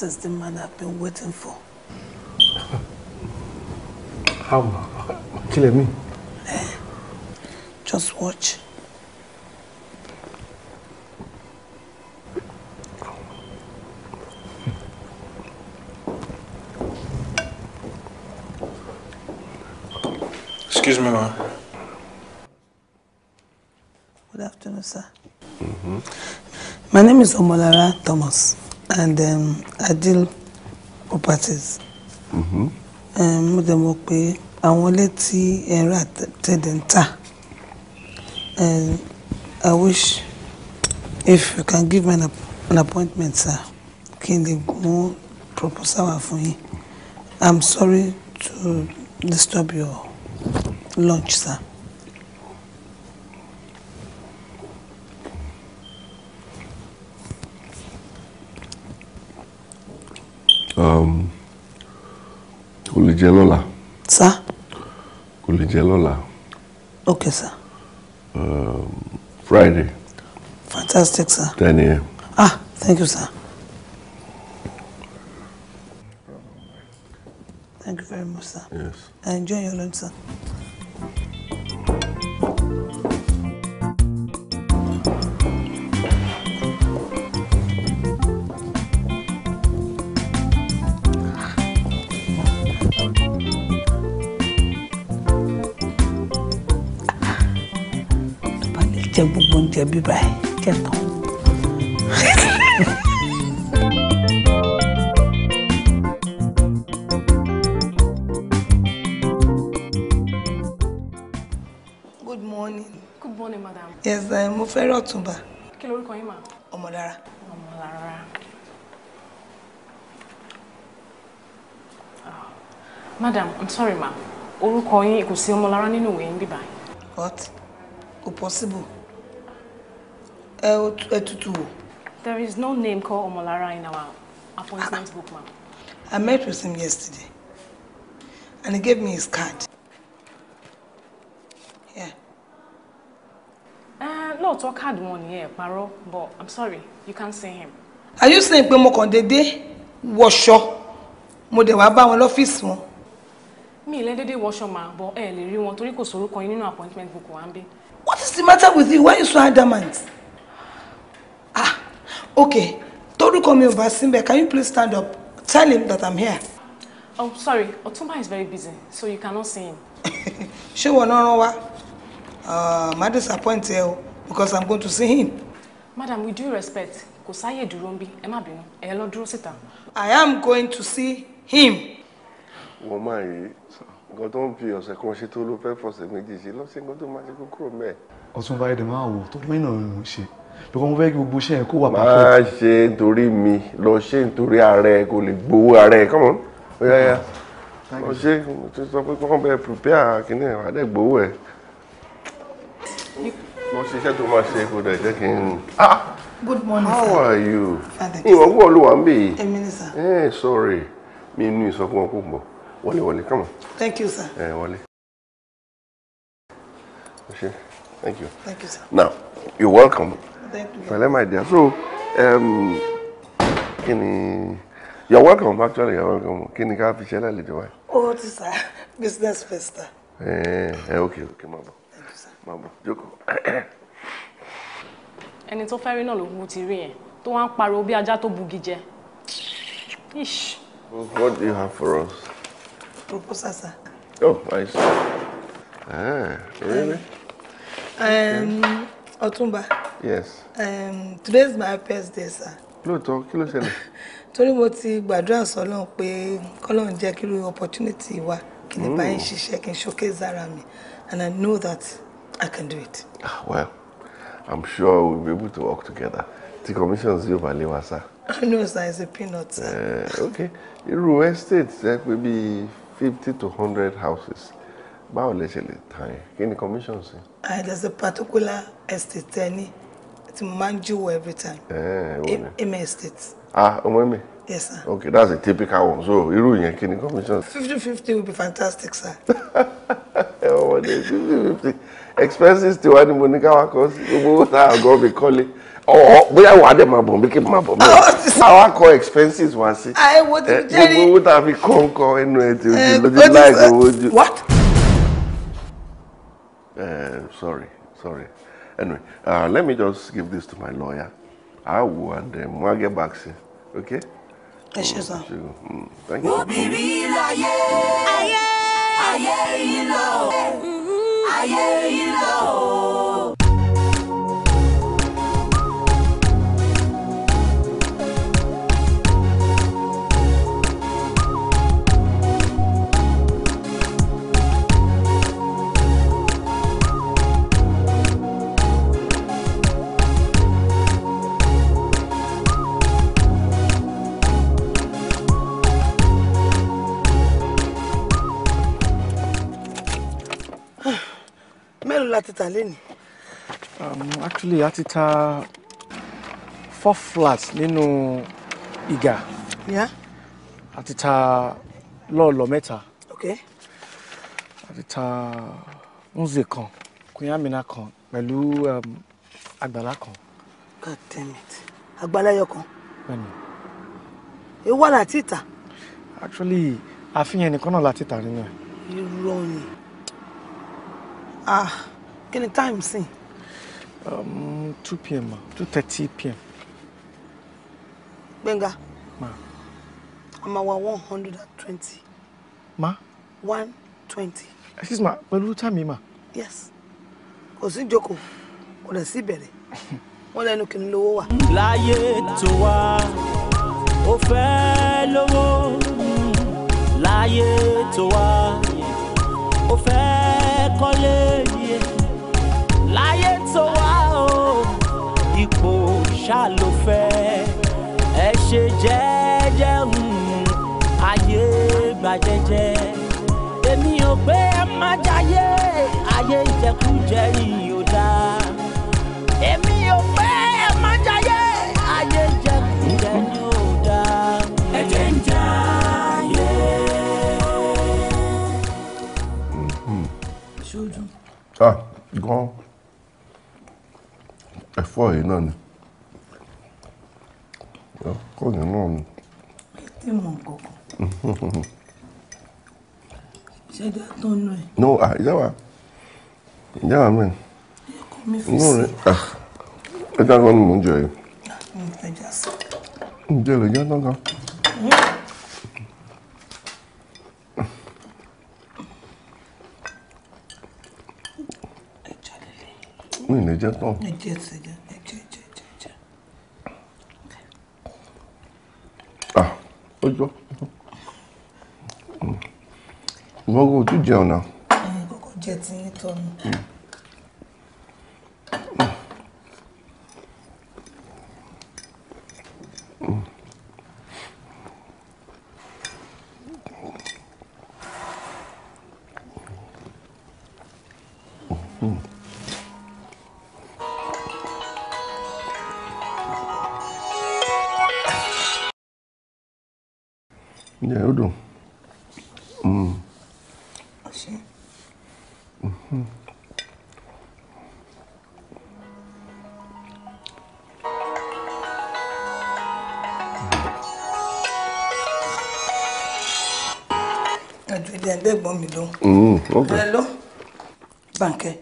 is the man I've been waiting for. How? Kill me? Eh? Just watch. Excuse me, ma'am. Good afternoon, sir. Mm -hmm. My name is Omolara Thomas and um, ideal properties. Mm-hmm. Um, mo dẹ̀ mọ̀ pé àwọn ilé tí ẹ ń ń tà um, I wish if you can give me an, an appointment sir kí n lè mú proposal wá fún yín I'm sorry to disturb your lunch sir. Um, kò lè jẹ lọ́la. sá. kò lè jẹ lọ́la. ok sir. Um, Friday. fantastic sir. ten a.m. ah thank you sir. Thank you very much, sir. Yes. I enjoy your lunch, sir. bí báyìí kẹtàn. good morning. good morning madam. yes eh, mo fẹ́rẹ̀ ọ̀túnba. kí lorúkọ yín Ma? ọmọlára. ọmọlára. Ah. madam i'm sorry ma orúkọ yín kò sí ọmọlára nínú ìwé yín bíbá. what? kò possible ẹtutù eh, there is no name called Omolara in our appointment book ma'am. I met with him yesterday and he gave me his card. Yeah. Eh, lóòótọ́ card one here, ẹ̀parọ́ but I'm sorry you can't see him. are you saying pé mo kàn Washo? wọṣọ mo dẹ̀ wá bá wọn lọ́fíìsì wọn. mi ì lẹ́dẹ́dẹ́ wọṣọ màá bọ ẹ lè rí wọn torí kò appointment book wa what is the matter with you why you so adamant. Okay, Toruko over Simbe, can you please stand up? Tell him that I'm here. Oh, sorry. Otumba is very busy, so you cannot see him. She won't know what. wá? Uh, má disappoint ẹ because I'm going to see him. Madam, with due respect, kò Durumbi, dúró ń bí, ẹ I am going to see him. Woman, máa yí be your ń fi ọ̀sẹ̀ kan ṣe tó ló fẹ́ fọ̀sẹ̀ méjì ṣe lọ́sẹ̀ nǹkan tó máa ṣe kúkúrò mẹ́ẹ̀. Ọ̀túnba Ẹ̀dẹ̀ máa wò tó because mo fẹ́ kí gbogbo iṣẹ́ yẹn kó wà perfect. máa ṣe nítorí mi lọ ṣe nítorí ààrẹ kò lè gbowó ààrẹ come on ó lọ ṣe tó sọ pé kọ́kọ́ bẹ́ẹ̀ prepare kìíní ẹ̀ wàá dẹ̀ gbowó ẹ̀ lọ ṣe tó máa ṣe kó dẹ̀ jẹ́ kí n. Ah! good morning sir how are you ìwọ̀n wọ̀ ló wà ń bè yìí ẹ̀ sorry mi inú ìsọfún wọn kò mọ̀ wọlé wọlé come on. thank you sir. Eh, ẹ wọlé. Thank you. Thank you, sir. Now, you're welcome thank you. Pẹ̀lẹ́ my dear. So, um, kini. you're welcome actually you're welcome. Kini ni ká fi ṣẹlẹ̀ lè jọ wáyé? ti sá business first. Eh. Eh. ok ok máa bọ̀. Máa bọ̀ jókòó. Ẹni tó fẹ́ rí náà ló mú ti rí yẹn tó wá ń pariwo bí ajá tó bugi jẹ. What do you have for us? Proposal, sir. Oh, I see. Ah, really? Um, um Ọ̀túnba. Yes. Um, today is my birthday, sir. Lóòótọ́, kí ló ṣẹlẹ̀? Torí mo ti gbàdúrà sọ́lọ́run pé kọ́lọ́run jẹ́ kí irú opportunity wa kí n bá yín mm. ṣiṣẹ́ kí n showcase ara mi and I know that I can do it. Ah, well, I'm sure we'll be able to work together. The commissions yóò bá lé wa sá. No sir, it's a peanut sir. Uh, okay, irú estate jẹ́ pé bíi fifty to hundred houses báwo lè ṣe lè tàn yín kí ni commission sí. Ah, there is a particular estate tẹ́ni tí mo máa ń júwò every time. eme estate. ah ọmọ mi. yes sir. okay that's a typical one so irú yẹn kí ni commission. fifty fifty will be fantastic sir. ọmọdé fifty fifty expenses ti wá ní mo ní káwá kọ sí gbogbo owó tá a gọ́ mi kọ́lé ọ̀ọ́ bóyá wàá dẹ̀ máa bọ̀ mí kí n máa bọ̀ mí àwa oh, kọ expenses wá sí ah, gbogbo owó tá a fi kọ́ ń kọ ẹnu ẹ̀ tí ojú lójú láì gbowó jù. what. Eh, sorry, sorry. Anyway, uh, let me just give this to my lawyer. I will, and then um, we'll get back soon. Okay? Ẹ ṣé oh, sọ. Mm, thank you. Obìnrin láyé, ayé, ayé yìí lọ, mm-hmm. ayé la ti Um, actually a ti ta four flats nínú Iga. Yeah. a ti ta lọ́ọ̀lọ́ mẹ́ta. Okay. a ti ta nze kan kúnyàmínà kan pẹ̀lú um, àgbàlá kan. God damn it. àgbàlá yọ kan. bẹ́ẹ̀ni. ewa la ti tà. actually àfihàn nìkan náà la ti tà nínú ẹ̀. irọ́ ni. ah kí ni time see. Um, 2 pm ma two pm. Benga. Ma. Àmà wa one hundred and twenty. Ma. one twenty. Excuse ma pẹ̀lú ma. Yes. Kò sí ìjókòó, kò dẹ̀ sí ìbẹ̀rẹ̀. Wọ́n lẹ́nu kì í lówó wà. Láyé tó wá, ó fẹ́ lówó. Láyé tó wá, ó fẹ́ láyé tó wá o ipò ṣáà ló fẹ́ ẹ ṣe jẹ́jẹ́ mm, ayé gbà jẹ́jẹ́ èmi ò pé ẹ má jayé ayé ìjẹkújẹ yìí ò dáa èmi ò pé ẹ má jayé ayé ìjẹkújẹ yìí ò dáa. ẹ jẹ́ ń hmm. Hmm. ṣojú. ah gan ẹ̀fọ́ yìí náà ni ẹ̀fọ́ yìí náà ni. tí mo kọ̀kọ̀. ṣẹ́jà tó ń nù ẹ̀. no ah, ìjáwá ìjáwá mẹ́rin. ẹ̀kọ́ mi fi sí. Ah, ẹja kan ni mò ń jẹ yìí. ẹja sí. ǹjẹ́ lè jẹ́ tán kan. Hmm. mi ò ní jẹ́ tán. ẹ jẹ́ ẹ jẹ́ ẹ jẹ́ ẹ jẹ́. ah ó jọ ìwọ kò tún jẹun náà. ẹyin kọkọ jẹ ti ń tọ mi. Mm. mm. ǹjẹ́ ó dùn. Mm. ẹ̀dùn ilé ẹ̀dẹ́gbọ́n mi ló. ẹ mm, lọ Bánkẹ́.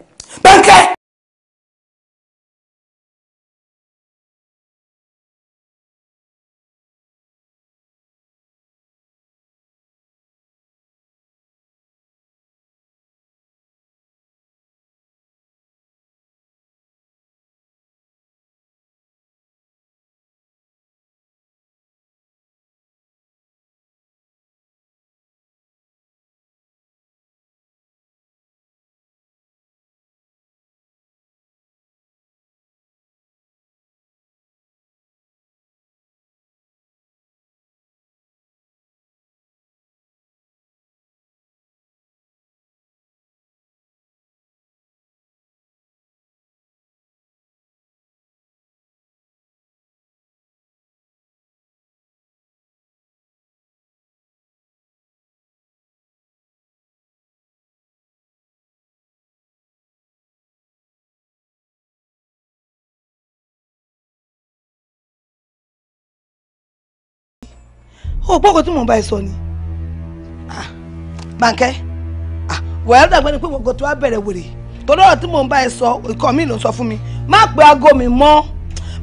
ó gbọ́kọ̀ tí mò ń bá ẹ sọ ni ah, bànkẹ́ ah, wẹ́ẹ́ dàgbẹ́ ni pé gbogbo tí wàá bẹ̀rẹ̀ wèrè torí ọ̀rọ̀ tí mò ń bá ẹ sọ ikọ̀ mi ló ń sọ fún mi má pe aago mi mọ́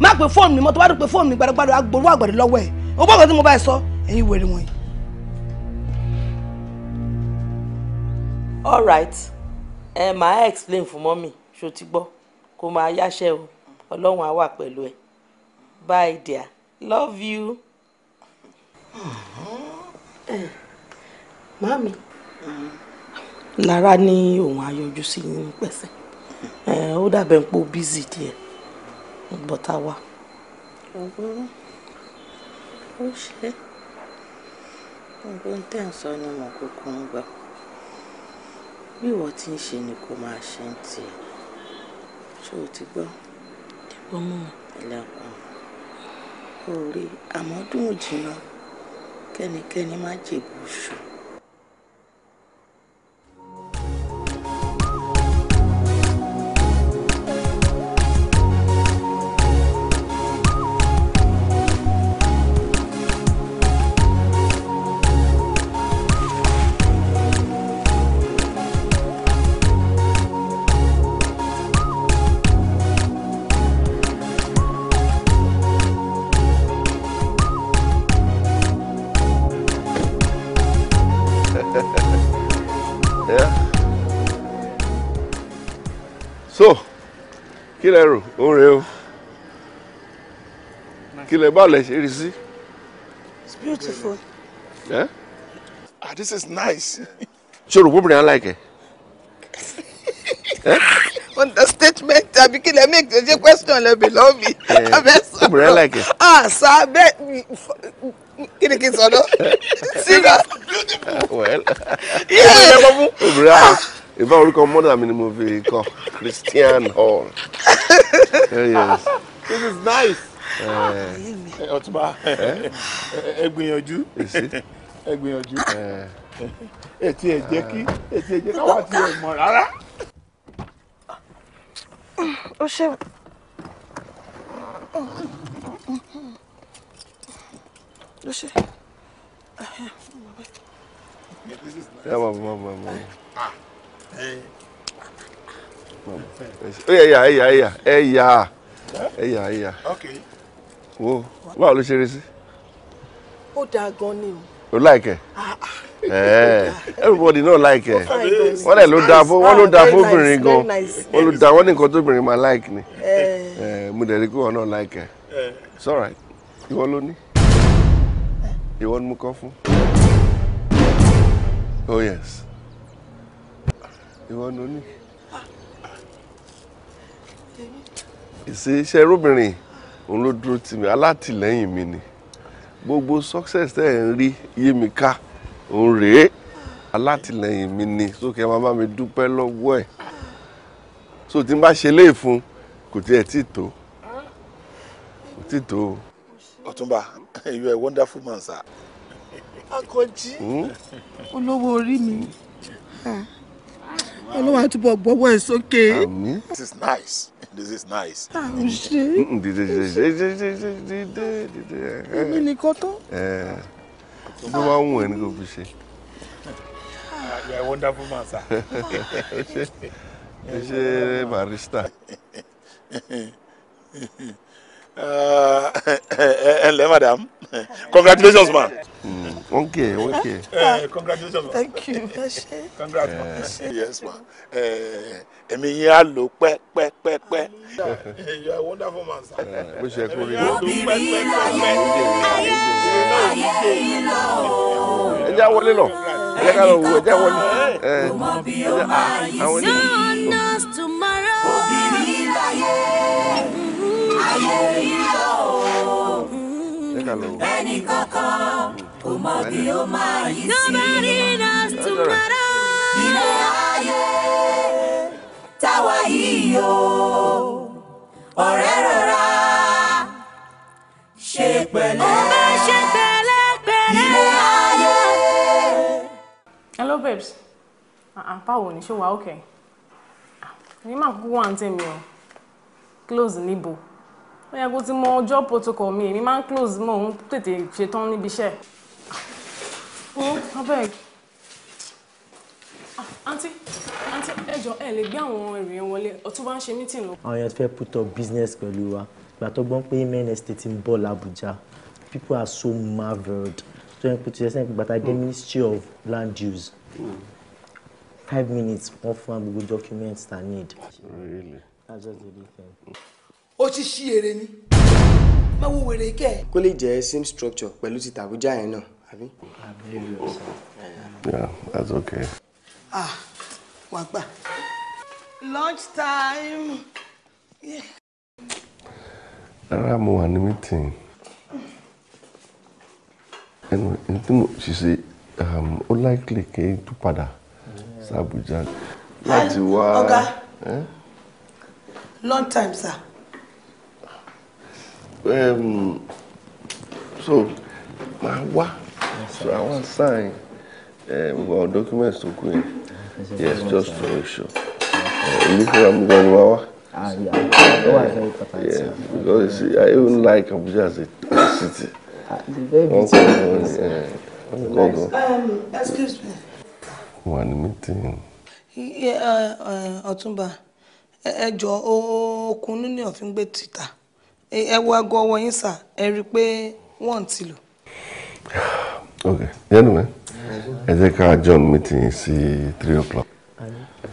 má pe fóònù mi mọ́ tó bá dùn pé fóònù mi gbàdúgbàdù agbolú àgbàdo lọ́wọ́ ẹ̀ ó gbọ́kọ̀ tí mò ń bá sọ ẹ̀yin wèrè wọ̀nyí. all right ẹ máa explain fún mọ́mì ṣó ti gbọ́ kó máa yáṣẹ́ o ọlọ́run á wà pẹ̀lú ẹ bye dear love you. Mami, Lára ní òun ayọjú sí yín pẹ̀sẹ̀. Ó dàbẹ̀ ń pò bízì díẹ̀. Bọ́tá wá. ó ṣe ọgbọ́n tẹ̀ ń sọ ni mo kúkú ń gbà. Bí ìwọ ti ń ṣe ni kò máa ṣe ń tiẹ̀. Ṣé o ti gbọ́? Ti gbọ́ mọ́ mi. Ilẹ̀kùn. Orí àmọ́dún jìnnà kẹ́nikẹ́ni má jẹ̀bi oṣù so kí lẹ rò ó rè o kí lẹ bá lẹ ṣe rí sí. it's beautiful. Yeah? ah this is nice. ṣé o rò bóbìnrin aláìkẹ́. understatement tàbí kí lẹ make the question lẹ bi lọ mi abẹ sọ̀rọ̀ obìnrin ah sa bẹ kí ni kí n sọ lọ. serious. Ah, well. Yeah ìfà orúkọ mọ́dà mi ni mo fi kọ Christian Hall. This is nice. ọtúbà eh. eh, eh? ẹ gbìyànjú ẹ gbìyànjú ẹ ti ẹ jẹ́ kí ẹ ti ẹ jẹ́ káwá ti ẹ mọ̀ rárá. ó ṣe. ó ṣe. ẹ máa bọ̀ bọ̀ bọ̀ ẹyà ẹyà ẹyà ẹyà ẹyà ẹyà wo báwo ló ṣe rí sí. ó dáa gan ni o. o láìkẹ ah, ah. everybody náà láìkẹ wọn lè ló dáa fún wọn ló dáa ah, fún obìnrin gan wọn ló dáa wọn ní nǹkan tó obìnrin máa láìkì ni eh. Eh, mo dẹ̀ rí kó wọn náà láìkẹ eh. it's alright ìwọ ló ní ìwọ ni mo kọ́ fún. oh yes ìwọ ni o ní. ìṣe iṣẹ́ irúbìnrin òun ló dúró tì mí alátìlẹ́yìn mi ni gbogbo success tẹ́ ẹ̀ ń rí yé mi ká òun rèé alátìlẹ́yìn mi ni sókè máa mi dúpẹ́ lọ́wọ́ ẹ̀ so tí n bá ṣe léè fún kò tiẹ̀ tí tó kò tí tó. ọ̀túnba you are a wonderful man sir. akọ̀jí hmm? olówó orí mi. Ah olúwa túbọ̀ gbọ́wọ́ ẹ̀ sókè. àmín. this is nice this is nice. àwọn ṣe. dìde dìde dìde dìde dìde. èmi nìkan tán. ló wá wù ẹ́ ní kò fi ṣe. you are a wonderful man sir. ẹ ṣe barista. ẹ uh, ǹlẹ́ madam congratulations ma wọ́n mm. Okay. í wọ́n eh, congratulations thank you ẹ ṣe. congratulations ma. Eh. yes ma ẹ̀mí eh, yín á lò pẹ́pẹ́pẹ́pẹ́. you are a wonderful man sir. bó ṣe kú rí i. obìnrin lọ ayé ayé yìí lọ o. ẹ jẹ́ wọlé lọ ẹ jẹ́ ká lọ wò ẹ jẹ́ wọlé. àwọn ènìyàn. obìnrin mm-hmm. lọ ayé ayé yìí lọ o. ẹnì kankan. Nobody knows tomorrow Hello babes, ah, ah, báwo ni ṣé wàá okay? Ní ah, màá kúkú wà ní tèmi close níbo? Ó yẹ kó ti mọ ọjọ́ protocol mi, èmi máa close mọ́ òun tètè ṣetán níbi iṣẹ́. Wo abeg. Ah, aunty, aunty ẹjọ́ ẹ lè gbé àwọn èrè yẹn wọlé ọtún bá ń ṣe mítìn lọ. Àwọn èèyàn ti fẹ́ put up business pẹ̀lú wa. Ìgbà tó gbọ́n pé main estate ń bọ̀ l'Abuja. People are so marvelled. Tó yẹn pé tó yẹ sẹ́yìn gbàtà dé hmm. ministry of land use. Hmm. Five minutes wọ́n fún wa gbogbo documents that need. Really? That's just the difference. Ó ti ṣí èrè ni. Máa wo wèrè ikẹ́. Kó lè jẹ́ same structure pẹ̀lú ti t'Abuja yẹn náà yeah that's okay. ah wà gbà. lunch time. rárá mo wà ní meeting ẹnu ẹni tí mo ṣe ṣe um, ó likely kí n tún Oga. sí Abuja eh? long time sir. Um, so my wife. So I want sign uh eh, our documents to Queen. Yes, just to make sure. Uh, if I'm going to Ah, yeah. Yeah, yeah, because you see, I even like Abuja as a city. Ah, very beautiful. Yeah. Eh, nice. Um, excuse me. One meeting. Yeah, eh, Ọ̀túnba, ẹ jọ̀ọ́ okun nínú ọ̀fin gbé títà. Ẹ wo aago ọwọ́ yín sà, ẹ rí i pé wọ́n ti lò. Okay, gentlemen ẹ jẹ́ ká join meeting sí three o'clock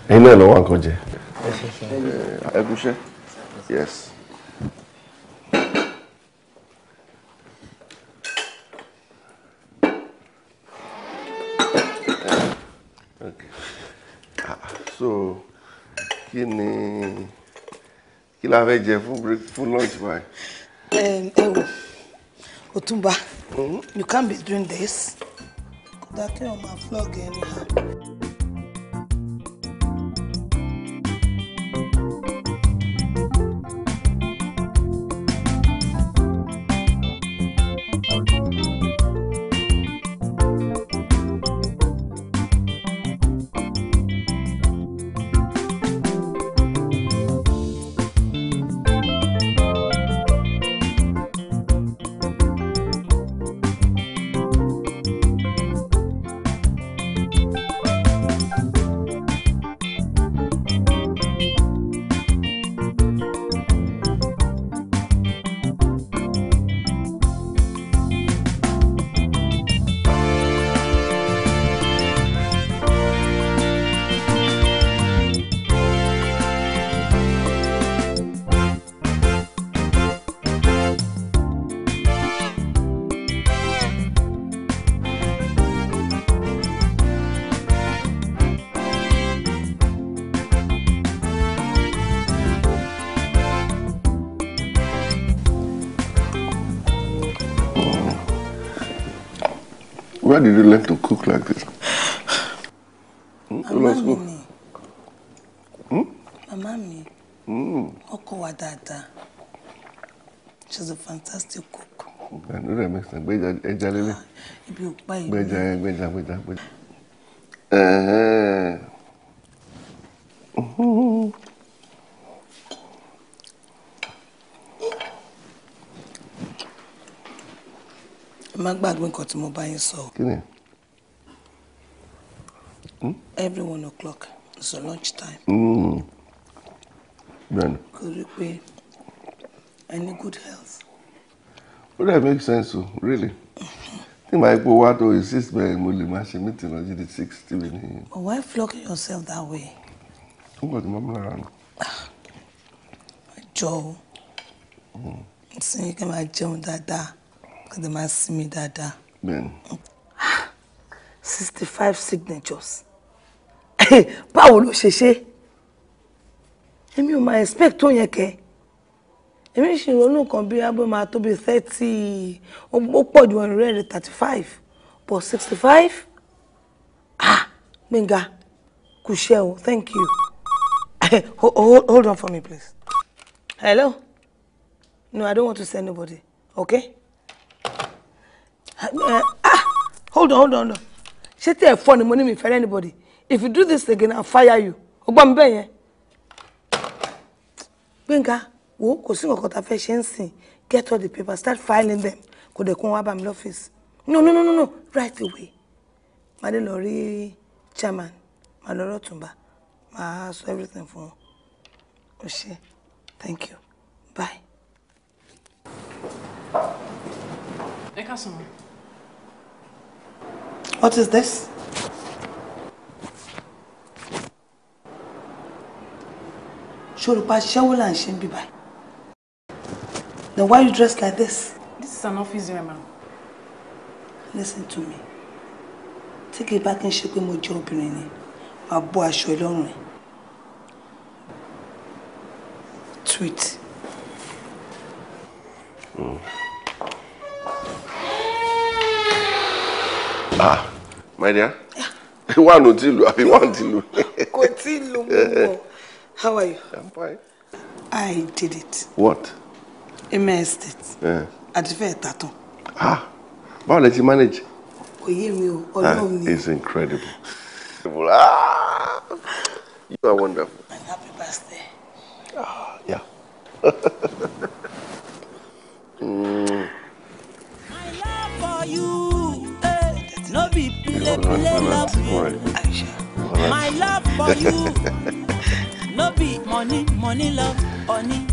I know. lọ́wọ́ nǹkan jẹ ẹ kúṣẹ́ yes. Okay. so kini. ni kí la fẹ́ jẹ lunch báyìí. ẹ wò Otumba. You can't be doing this. That thing on my vlog anyhow. Why did you learn to cook like this? Màmá mi ni. Hmm? Màmá mi. Ọkọ hmm. wa dáadáa. She's a fantastic cook. Àdúrà ẹ̀ mẹ́sàn-án gbẹ́jà ẹja lélẹ̀. Ah, ibi ò pa ìlú. Gbẹ́jà ẹ gbẹ́jà gbẹ́jà gbẹ́jà. ẹ má gbàgbé nǹkan tí mo bá yín sọ. kí hmm? every one o'clock is a lunch time. Hmm. bẹ́ẹ̀ni. kò rí pé i need good health. ó dẹ̀ make sense o really tí màá pò wá tó insist bẹ́ẹ̀ mo lè má ṣe meeting lọ́jọ́ di six tí mi ní. but why flog yourself that way. ó gbọ́dọ̀ mọ́ mi lára nù. Ah, jọ o hmm. nsìnyí kí n máa jẹun dáadáa wọ́n ti máa sí mi dáadáa. bẹ́ẹ̀ni. sixty five signatures báwo ló ṣe ṣe èmi ò máa expect tó yẹn kẹ èmi ṣì ronú kan bí abẹ́ máa tó bí thirty ó pọ̀ ju ẹ̀rọ rẹ̀ thirty five but sixty five ah gbẹ̀ngà kù ṣe o thank you hold on for me please hello no i don't want to see anybody okay ah hold on hold on hold on ṣé tí ẹ fọ ni mo ní anybody if you do this again i'll fire you o gbọ́ mi bẹ́ẹ̀ yẹn. gbẹ̀ngà wo kò sí nǹkan tá a get all the papers start filing them kò dẹ̀ kún wá bá mi lọ́fíìsì no no no no no right away màá dé lọ chairman màá lọ tumba, màá sọ everything for wọn o thank you bye. ẹ ká What is this? Shorupa Shawula and Shen Bibai. Then why are you dressed like this? This is an office wear, ma'am. Listen to me. Take it back and shake pé mo jẹ́ obìnrin ni. Wàá bọ́ aṣọ ẹ lọ́rùn ẹ̀. Tweet. Mm. Ah my dear wà ló ti lù àbí wà ti lù. kò how are you. i'm fine. i did it. what. eme estate. àti fẹ́ẹ̀ ta tán. ah how did you manage. òye mi o ah, ọlọ́run ni. it's incredible. ah, you are wonderful. my happy birthday. ah yeah. mm. my love for you. No be play play love you. My love for you. No be money money love honey.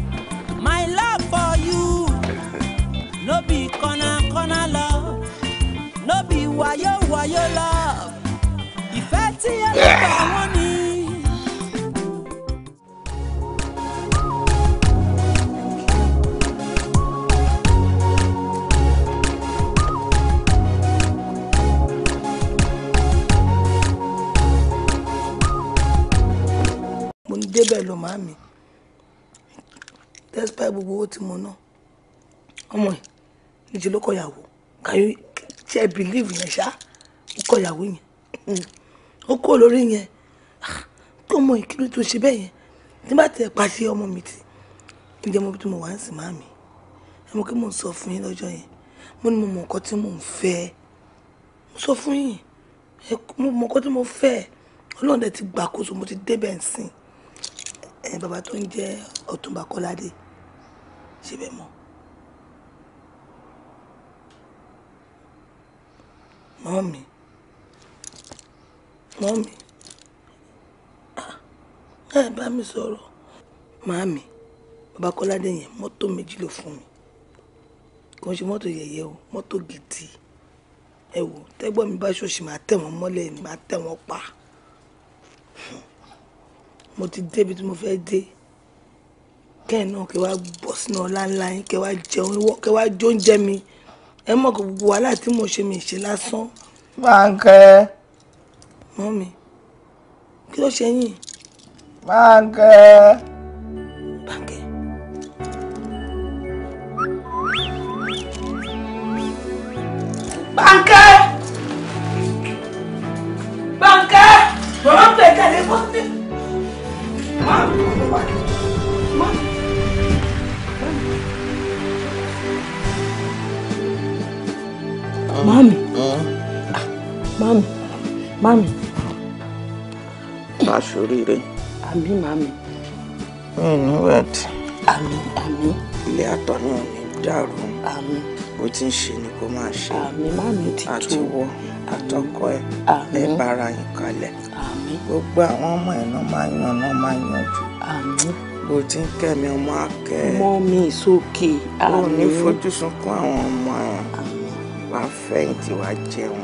My love for you. No be corner corner love. No be wayo wayo love. If Ìfẹ́ tí ẹ I want ni. ń débẹ̀ lọ màámi despite gbogbo owó tí mo ná ọmọ ẹ̀ níṣẹ ló kọyàwó kàyọ tí ẹ believe yẹn ṣá ó kọyàwó yẹn hmm. ó kó lórí yẹn ah, tó mọ ìkíni tó ṣe bẹ́ẹ̀ yẹn nígbà tí ẹ pàṣẹ ọmọ mi ti ǹjẹ́ mo bí tí mo wà ń sìn màámi ẹ mọ̀ kí mò ń sọ fún yín lọ́jọ́ yẹn mo ní mo mọ̀ nǹkan tí mò ń fẹ́ mo sọ fún yín mo mọ̀ nǹkan tí mo fẹ́ ọlọ́run dẹ̀ ti gbàkóso mo ti débẹ̀ ń sìn ẹ bàbá tó ń jẹ́ ọ̀túnba kọ́ládé ṣe bẹ́ẹ̀ mọ́. mọ́mì mọ́mì ah, ẹ bá mi sọ̀rọ̀ màámi bàbá kọ́ládé yẹn mọ́tò méjì ló fún mi kò ń ṣe mọ́tò yẹ̀yẹ́ o mọ́tò gidi ẹ wò tẹ́gbọ́n mi bá ṣòṣì máa tẹ̀ wọ́n mọ́lẹ̀ máa tẹ̀ wọ́n pa mo ti débi tí mo fẹ́ dé kẹ́ẹ̀ náà kẹ́ wá bọ́ sínú ọlá ńlá yín kẹ́ wá jẹun kẹ́ wá jó oúnjẹ mi ẹ mọ̀ kó gbogbo wàhálà tí mo ṣe mi ṣe lásán. báńkẹ́. mọ́mì kí ló ṣe yín. báńkẹ́. báńkẹ́. báńkẹ́. báńkẹ́. bàbá pẹ̀lú ẹ̀ka lè bọ́ sí. Mami. Mami. Mami. Aṣoríire. Àmín mami. Ẹni wẹ̀dì. Àmín àmín. Ilé àtọ̀ náà ní dàrú. Àmín. Bó ti ń ṣe ni kó máa ṣe. Àmín mami ti tó. Àti wọ àtọkọ ẹ ẹ bára yín kalẹ̀ gbogbo àwọn ọmọ ẹ̀ náà máa yan náà máa yanjú bó ti ń kẹ́mi ọmọ akẹ́ mọ mi sókè ó ní fojú sunkún àwọn ọmọ ẹ̀ wàá fẹ̀yìntì wàá jẹun.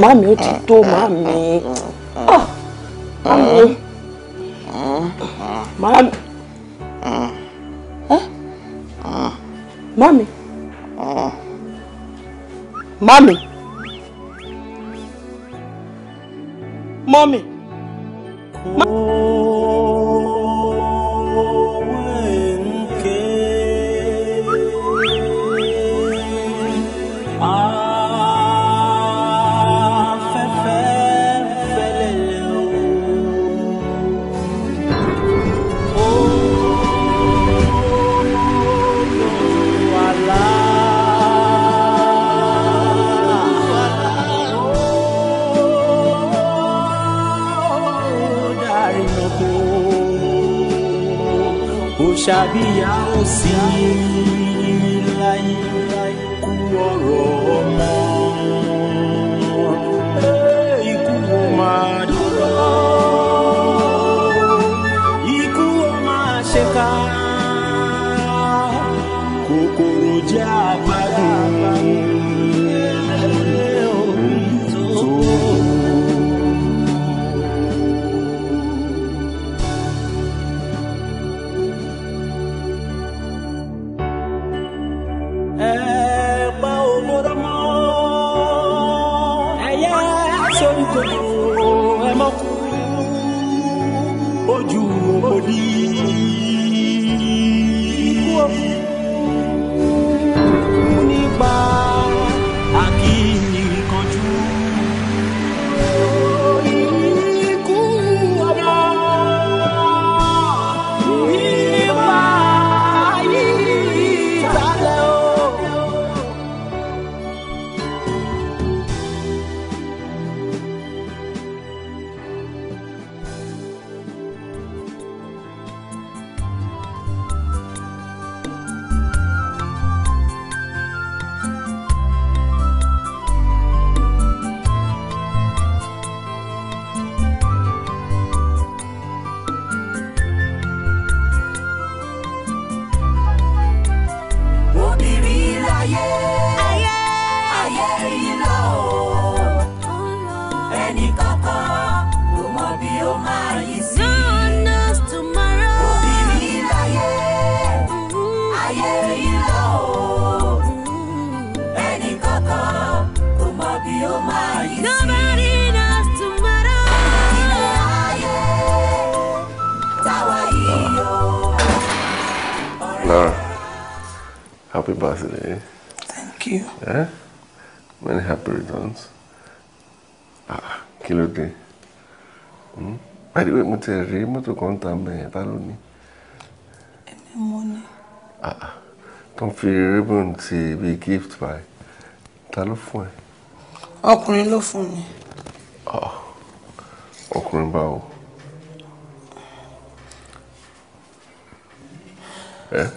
màmí ó ti tó màmí màmí màmí màmí. Mọ́mì. Mọ́mì. Mọ́mì. Oh. ṣàbíyá ó sì. birthday. Thank you. Eh? Many happy returns. Ah, kí ló Hmm? By the way, mo ti rí mọ́tò kan tà mẹ́yẹn tá ló ní. Ah, ah. tó ń fi ribbon ti bí gift by. Ta ló fún ẹ? Ọkùnrin ló fún mi. Ah, ọkùnrin báwo? Eh?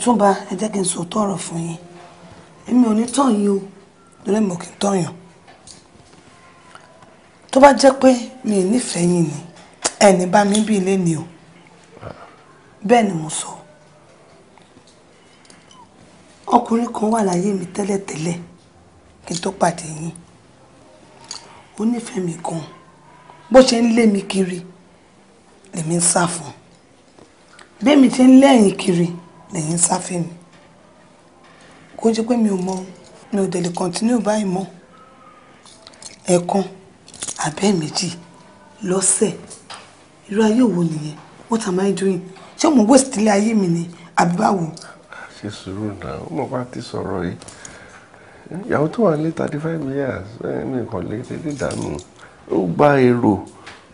ọ̀túnba ẹ jẹ́ kí n sọ tọ̀rọ̀ fún yín èmi ò ní tàn yín o lórí mo kì í tọ̀yàn tó bá jẹ́ pé mi ò nífẹ̀ẹ́ yín ni ẹni bá mi bí ilé ni o bẹ́ẹ̀ ni mo sọ ọkùnrin kan wà láyé mi tẹ́lẹ̀tẹ́lẹ̀ kí n tó pàdé yín ó nífẹ̀ẹ́ mi gan bó ṣe ń lé mi kiri lèmi ń sá fún bẹ́ẹ̀ mi ti ń lẹ́yìn kiri lẹ́yìn sáfẹ́mi kó jẹ́ pé mi ò mọ mi ò dẹ̀ lè kọ́ntínú báyìí mọ́ ẹ̀ẹ̀kan àbẹ́ méjì lọ́sẹ̀ irú ayé wo nìyẹn what am I doing ṣé mo waste ilé ayé mi ni àbí báwo. ṣe sùúrù náà ó mọ̀ bá ti sọ̀rọ̀ yìí ìyàwó tó wà ní thirty five years mi kàn lè tètè dànù ó gba èrò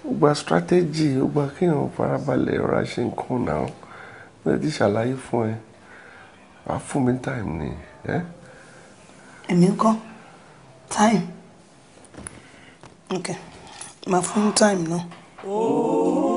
ó gba strategy ó gba kéèyàn farabalẹ̀ ra ṣe nǹkan náà mo ti ṣàlàyé fún ẹ wàá fún mi time ni. èmi ń kọ́ time ok màá fún time náà. No? Oh.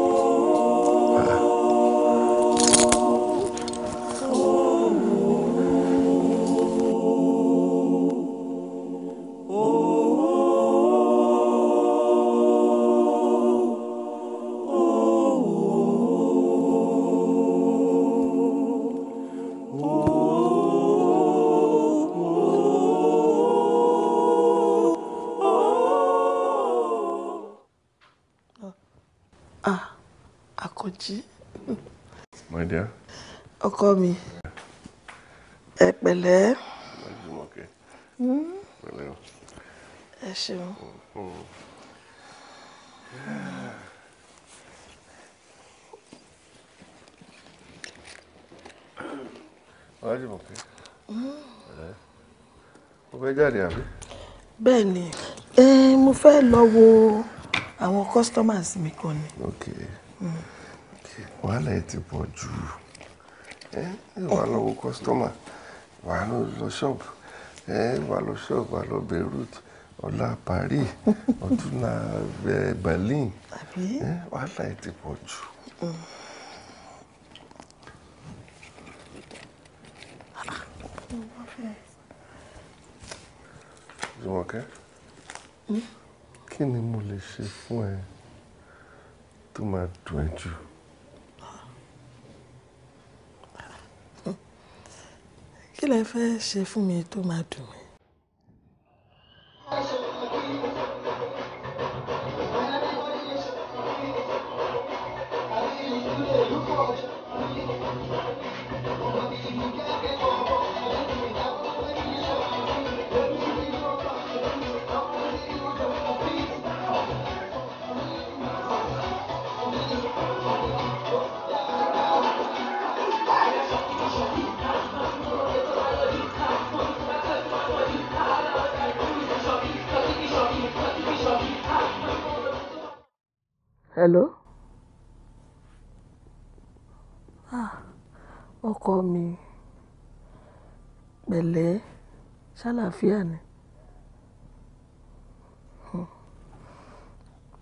ọkọ mi ẹ pẹ̀lẹ́ hmm? ẹ ṣeun. Ọlájú Mọ̀kẹ́. Mo fẹ́ jáde àbí? Bẹ́ẹ̀ ni, mo fẹ́ lọ wo àwọn customers mi kan ni. Wàhálà ẹ ti pọ̀ jù. Okay. Mm. Okay ẹ wà lọ wo kọ́sítọ́mà wà lọ ṣọ́ọ̀bù ẹ wà lọ ṣọ́ọ̀bù wà lọ Beirut ọ̀la Paris ọ̀túnla Berlin ẹ wàhálà ẹ ti pọ̀ jù. Jùmọ̀kẹ́ hmm? kí ni mo lè ṣe fún ẹ tó máa dùn ẹ́ jù. kí lẹ fẹ́ ṣe fún mi tó máa dùn mí. Hello? Ah! Ọkọ mi, pẹ̀lẹ́, ṣáláfíà ni. Hmm.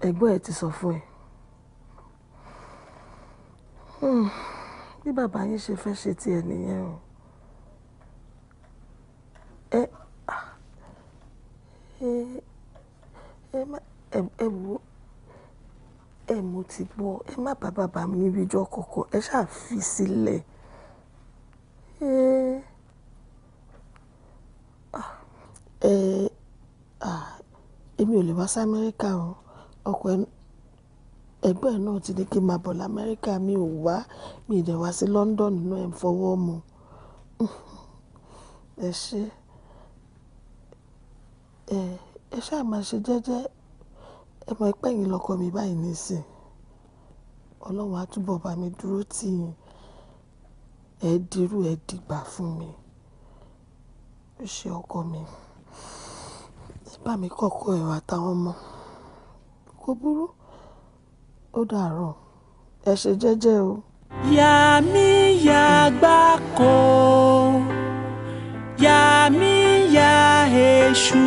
Ẹ̀gbọ́n ẹ ti sọ fún ẹ. Hmm, bí bàbá yín ṣe fẹ́ ṣe ti ẹ nìyẹn o. Ẹ, ah, ẹ, ẹ má, ẹ wò ó ẹ mo ti gbọ́ ẹ má bá bàbá mi níbijọ́ kọ̀ọ̀kan ẹ ṣáà fi sílẹ̀ ẹ ẹ èmi ò lè wá sí amẹ́ríkà o ọkọ ẹgbẹ́ náà ti ní kí n máa bọ̀ lamẹ́ríkà mi ò wá mi ì dẹ̀ wá sí London náà ẹ̀ ń fọwọ́ mu ẹ ṣe ẹ ṣáà máa ṣe jẹ́jẹ́ ẹ mọ̀ pé ẹ̀yin lọ́kọ mi báyìí nísìn ọlọ́run á bá mi dúró tì yín ẹ dirú ẹ dìgbà fún mi ó ṣe ọkọ mi bá mi kọ́kọ́ ẹ̀rọ àtàwọn ọmọ kò burú ó dàárọ̀ ẹ ṣe jẹ́jẹ́ o. yà mí yà gbáko yà mí yà èṣù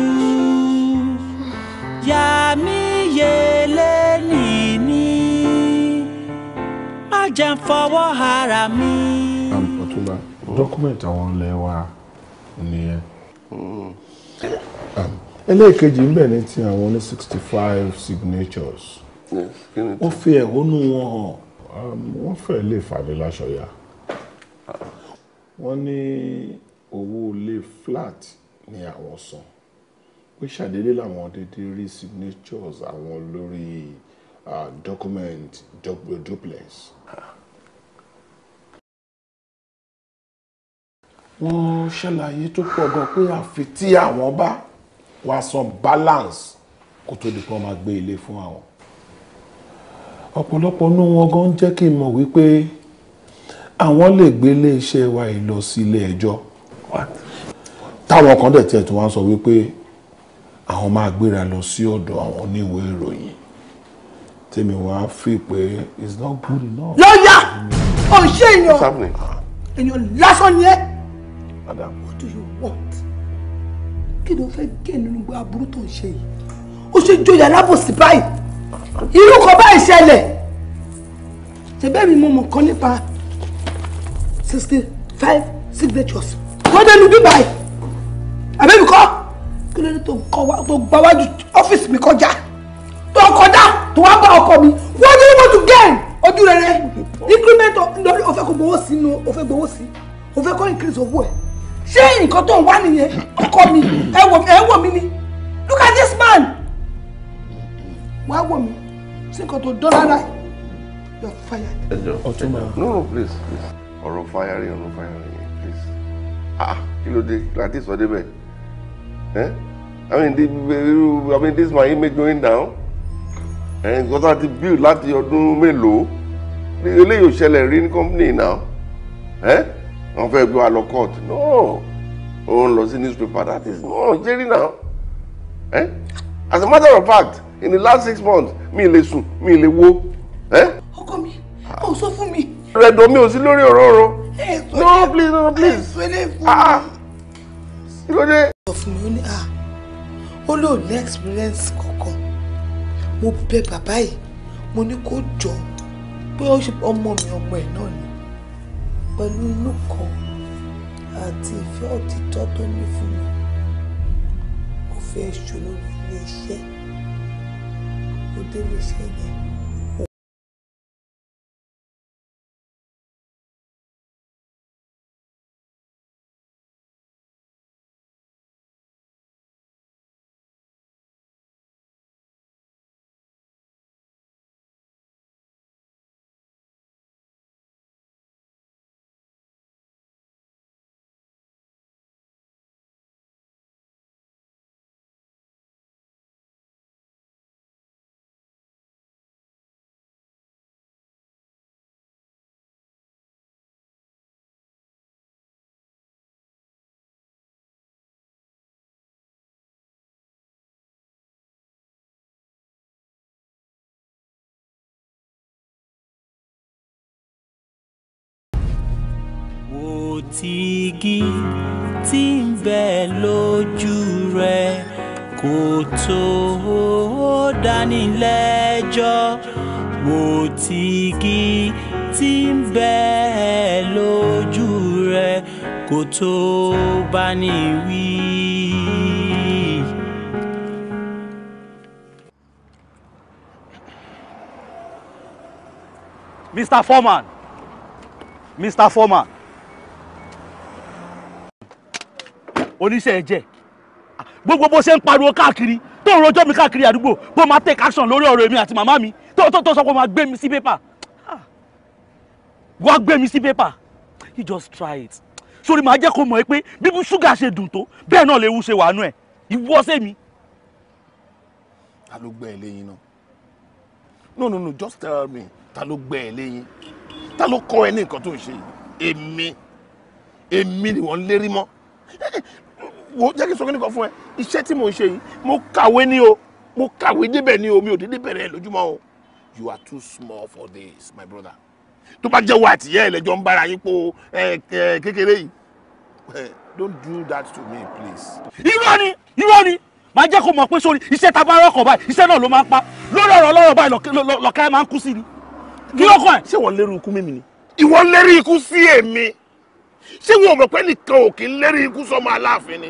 yà mí. yẹlé nìní má jẹ́ fọwọ́ ara mi. ọ̀túnba dọ́kúmẹ̀ntì àwọn ilé wa nìyẹn ẹlẹ́ẹ̀kejì ń bẹ̀ ní ti àwọn ní sixty five signatures ó fi ẹ̀hónú wọn hàn wọ́n fẹ́ lè fàdé láṣọ ya wọ́n ní owó flat ni àwọn san pé ṣàdédé làwọn dédé rí signatures àwọn lórí document duplex. wọ́n ṣàlàyé tó pọ̀ gan pé àfi tí àwọn bá wá san balance kó tó di pé wọ́n máa gbé ilé fún àwọn ọ̀pọ̀lọpọ̀ nú wọn gan jẹ́ kí n mọ̀ wípé àwọn lè gbé iléeṣẹ́ wa ìlọ sí ilé ẹjọ́ táwọn kan dẹ̀ tiẹ̀ tí wọ́n sọ wípé àwọn máa gbéra lọ sí ọ̀dọ̀ àwọn oníwèé ìròyìn tèmi wá fi pé it's not good enough. lọ́yà ọ̀ṣẹ́ èèyàn èèyàn lásán ni ẹ́. what do you want? kí ló fẹ́ gé nínú gbogbo aburú tó ń ṣe yìí ó ṣe joyè alábòsí báyìí irú kan báyìí ṣẹlẹ̀ ṣẹbẹ́ mi mo mọ̀ kan nípa sixty five signatures kọ́ńdẹ́nu bíbáyìí àbẹ́bí kọ́ kí ló dé tó gba wájú ọ́fíìsì mi kọjá tó kọjá tó wá bá ọkọ mi wọ́n ní wọ́n tún gẹ́ẹ̀n ojú rere increment lórí o fẹ́ kó gbowó sí inú o gbowó sí o fẹ́ increase owó ẹ̀ ṣé nǹkan tó ń wá nìyẹn ọkọ mi ẹ wò mí ni look at this man wá wò mí sí nǹkan tó dán rárá you are fired. ọtún máa. no no please please ọ̀rọ̀ firing ọ̀rọ̀ firing please ah kí ló dé láti sọ débẹ̀ ẹ́. Eh? I mean, the, I mean this is my image going down and ẹ̀ nǹkan tá a ti build láti ọdún mélòó eléyìí ò ṣẹlẹ̀ rí ní company now eh? I'm fẹ́ gbé wa lọ court no oh, ń lọ sí newspaper that is no jerry now eh? as a matter of fact in the last six months me lè sùn mi lè wo come eh? me? mi so sọ me. mi. rẹ̀dọ̀ mi ò sí lórí ọ̀rọ̀ ọ̀rọ̀ no please no please ah, ah kí ló dé. sọ fún mi ah ó lóò ní experience kankan mo bẹ bàbá yìí mo ní kó jọ pé ọmọ mi ọmọ ẹ̀ náà ni pẹ̀lú inú kan àti ìfẹ́ òtítọ́ tó ní fún mi kò fẹ́ ṣòro ilé iṣẹ́ mo dé ilé yẹn. ti igi tí ń bẹ lójú rẹ̀ kò tó dánilẹ́jọ́ wò ti igi tí ń bẹ lójú rẹ̀ kò tó báni wí. Mr. Foreman, Mr. Foreman. oníṣẹ́ ẹ̀jẹ̀ gbogbo bó ṣe ń pariwo káàkiri tó ń rojọ́ mi káàkiri àdúgbò bó máa take action lórí ọ̀rọ̀ èmi àti màmá mi tó tó tó sọ pé máa gbé mi sí pépà wá gbé mi sí pépà you just try it sórí màá jẹ́ kó mọ̀ pé bíbú ṣúgà ṣe dùn tó bẹ́ẹ̀ náà léwu ṣe wà nú ẹ̀ ìwọ sẹ́mi. ta ló gbẹ́ ẹ lẹ́yìn náà no no no just tell me ta ló gbẹ́ ẹ lẹ́yìn ta ló kọ́ ẹ ní nǹkan tó ń ṣe yìí èmi èmi ni wọ́n lérí mọ́ wo jẹ́ kí n sọ kí nìkan fún ẹ iṣẹ́ tí mò ń ṣe yìí mo kàwé ní o mo kàwé débẹ̀ ní o mi ò dédé bẹ̀rẹ̀ ẹ lójúmọ́ o you are too small for this my brother tó bá jẹ́ wo àtìyẹ́ ẹlẹ́jọ́ ń bára yín po kékeré yìí don't do that to me please. irọ́ ni irọ́ ni máa jẹ́ kó mọ̀ pé sórí iṣẹ́ ta bá rọ́kọ̀ báyìí iṣẹ́ náà ló máa ń pa lórí ọ̀rọ̀ ọlọ́rọ̀ báyìí lọ́kẹ́ máa ń kú sí ni kí ló kọ́ ẹ̀. ṣé wọ́n lérí ikú mímì ni. ìwọ lérí ikú sí èmi ṣé wọn ò mọ̀ pé nìkan ò kì í lérí ikú sọmọ aláàfin ni.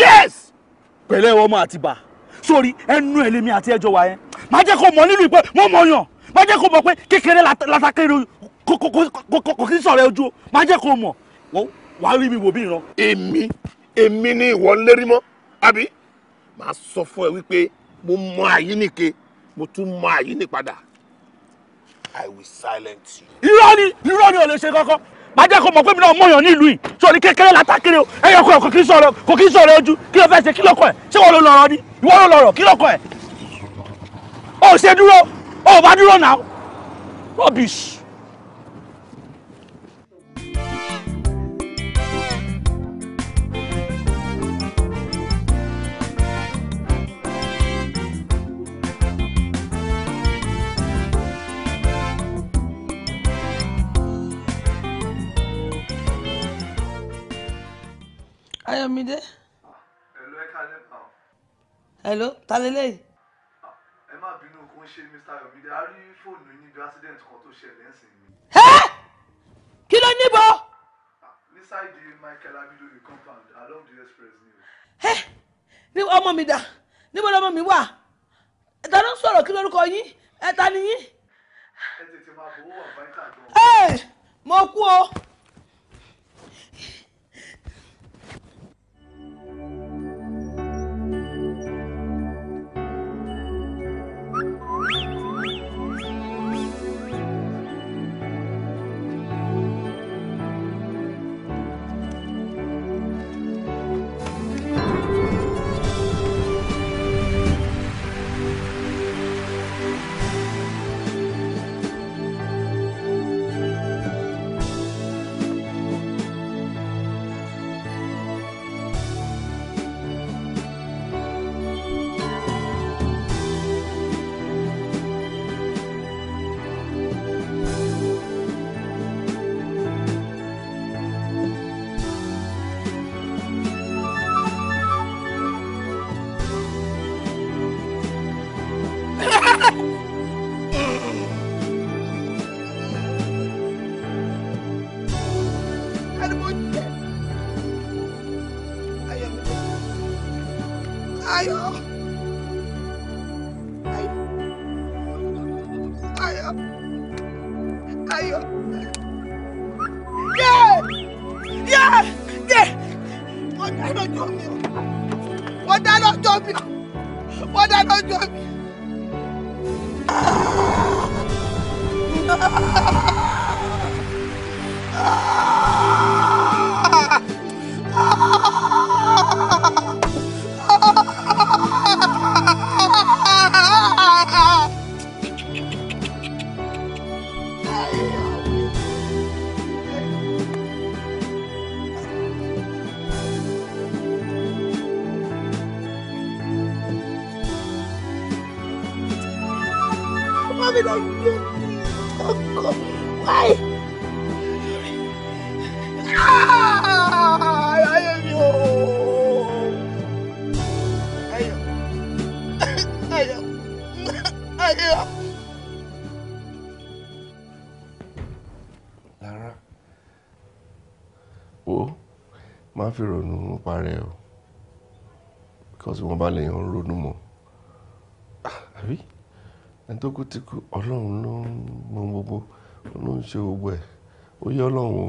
yes. pẹ̀lẹ́ ọmọ àtibá sórí ẹnu ẹ̀ àti ẹjọ́ wa yẹn má jẹ́ kó mọ̀ nínú ìpẹ́ wọ́n mọ̀ yàn má jẹ́ kó mọ̀ pé kékeré látàkéré kò kí sọ̀rọ̀ ojú má jẹ́ kó mọ̀ wàá rí mi wò bí ìran. èmi èmi ni ìwọ lérí mọ́ àbí màá sọ fún ẹ wípé mo mọ àyíníke mo tún mọ àyíní padà i will silence you. irọ́ ni irọ́ ni ò lè ṣe kankan má jẹ́ kó mọ̀ pé mi náà mọ̀yàn nílùú yìí sórí kékeré látàkiri o ẹ̀yọ̀ kọ̀ kò kí sọ̀rọ̀ kò kí sọ̀rọ̀ ojú kí ló fẹ́ ṣe kí lọ́kọ̀ ẹ̀ ṣé wọ́n ló lọ́rọ̀ ni ìwọ ló lọ́rọ̀ kí lọ́kọ̀ ẹ̀ o ṣe dúró o ò bá dúró náà rubbish. Ayọ̀mídé. Hello, ẹ Hello, ta lélẹ́yìí? Ẹ má bínú kó ń ṣe Mr. Ayọ̀mídé, a rí fóònù yín níbi accident kan tó ṣẹlẹ̀ ń sìn mí. Ẹ́ kí ló níbo? Ah, Inside the compound along the express ni o. Ẹ́ ní ọmọ mi dà, níbo lọmọ mi wà? Ẹ̀ta ló ń sọ̀rọ̀ kí lórúkọ yín? Ẹ̀ta ni yín? Ẹ tètè máa bọ̀ wọ̀ báyìí tàbí. Ẹ́ mo kú o. fi ronú nípa rẹ̀ o because wọ́n bá lè yàn ronú mọ́ ah, àbí ẹni tó kú ti kú ọlọ́run ló ń mọ gbogbo ló ń ṣe gbogbo ẹ̀ ó yẹ ọlọ́run o.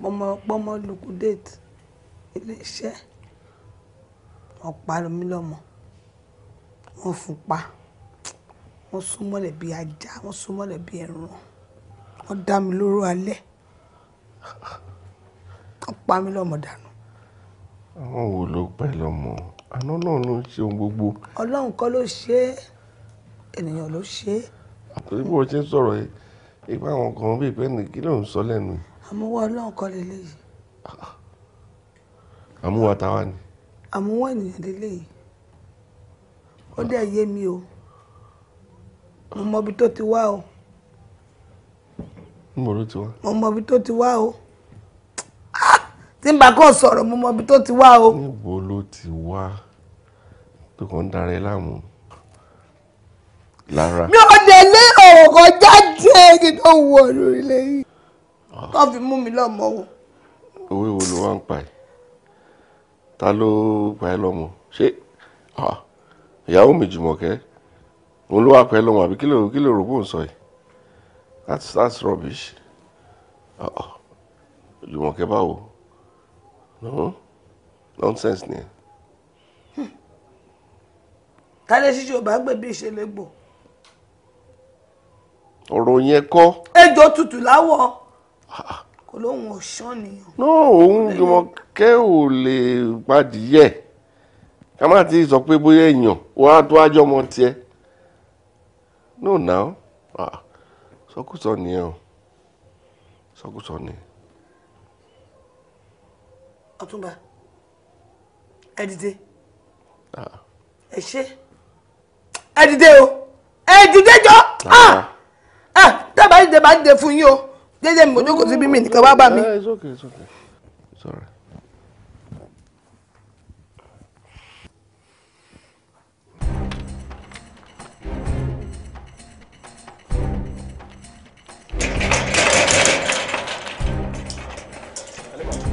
pọmọ pọmọ lukudate iléeṣẹ́ ọ̀pá lomi lọ́mọ wọ́n fún pa wọ́n sún mọ́lẹ̀ bí ajá wọ́n sún mọ́lẹ̀ bí ẹran dá mi lóró alẹ́ kàn pa mí lọ́mọ dànù. àwọn wo ló pẹ́ lọ́mọ àná náà ló ń ṣe ohun gbogbo. ọlọ́run kọ́ ló ṣe é ènìyàn ló ṣe é. àtúntò bí wọ́n ṣe ń sọ̀rọ̀ yìí ipa àwọn kan bíi pé kí ló ń sọ lẹ́nu. àmúwá ọlọ́run kọ́ lélẹ́yìí. àmúwá táwa ni. àmúwá ènìyàn lélẹ́yìí ó dẹ̀ yé mi o mo mọ tó ti wá o. mo mọ tó ti wá o tí n bá kàn sọ̀rọ̀ mo mọ ibi tó ti wá o. níbo ló ti wá tó kàn ń darẹ láàmú lára. mi ò lè lé ọ̀rọ̀ jáde kí n tó wọ lórí lẹ́yìn tó fi mú mi lọ́mọ o. owó wo ló wá ń pa ẹ́ ta ló pa ẹ́ lọ́mọ ṣé ìyàwó mi Jùmọ̀kẹ́ òun ló wà pa ẹ́ lọ́mọ àbí kí ló rò yìí that's that's rubbish. Uh-oh. You Jùmọ̀kẹ́ No, nonsense ni. kálẹ̀ ṣíṣe ò bá gbé bí ìṣẹ̀lẹ̀ gbò. ọ̀rọ̀ yẹn kọ́. ejò tútù láwọ̀ kò lóun ò ṣán nìyẹn. no òun Jùmọ̀kẹ́ ò lè padìyẹ ká má ti sọ pé bóyá èèyàn wọ́n á tó ajọ́ ọmọ tiẹ̀ no now ah, sọkúsọ nìyẹn o sọkúsọ nìyẹn ọ̀túnba ẹ dìde ah. ẹ ṣe ẹ dìde o Ah. Ah. jọ ah, dábàá dìde bá dìde fún yín o dédé mi ojókòó síbí mi nìkan wá bá mi. Eh, it's okay, it's okay. It's all right.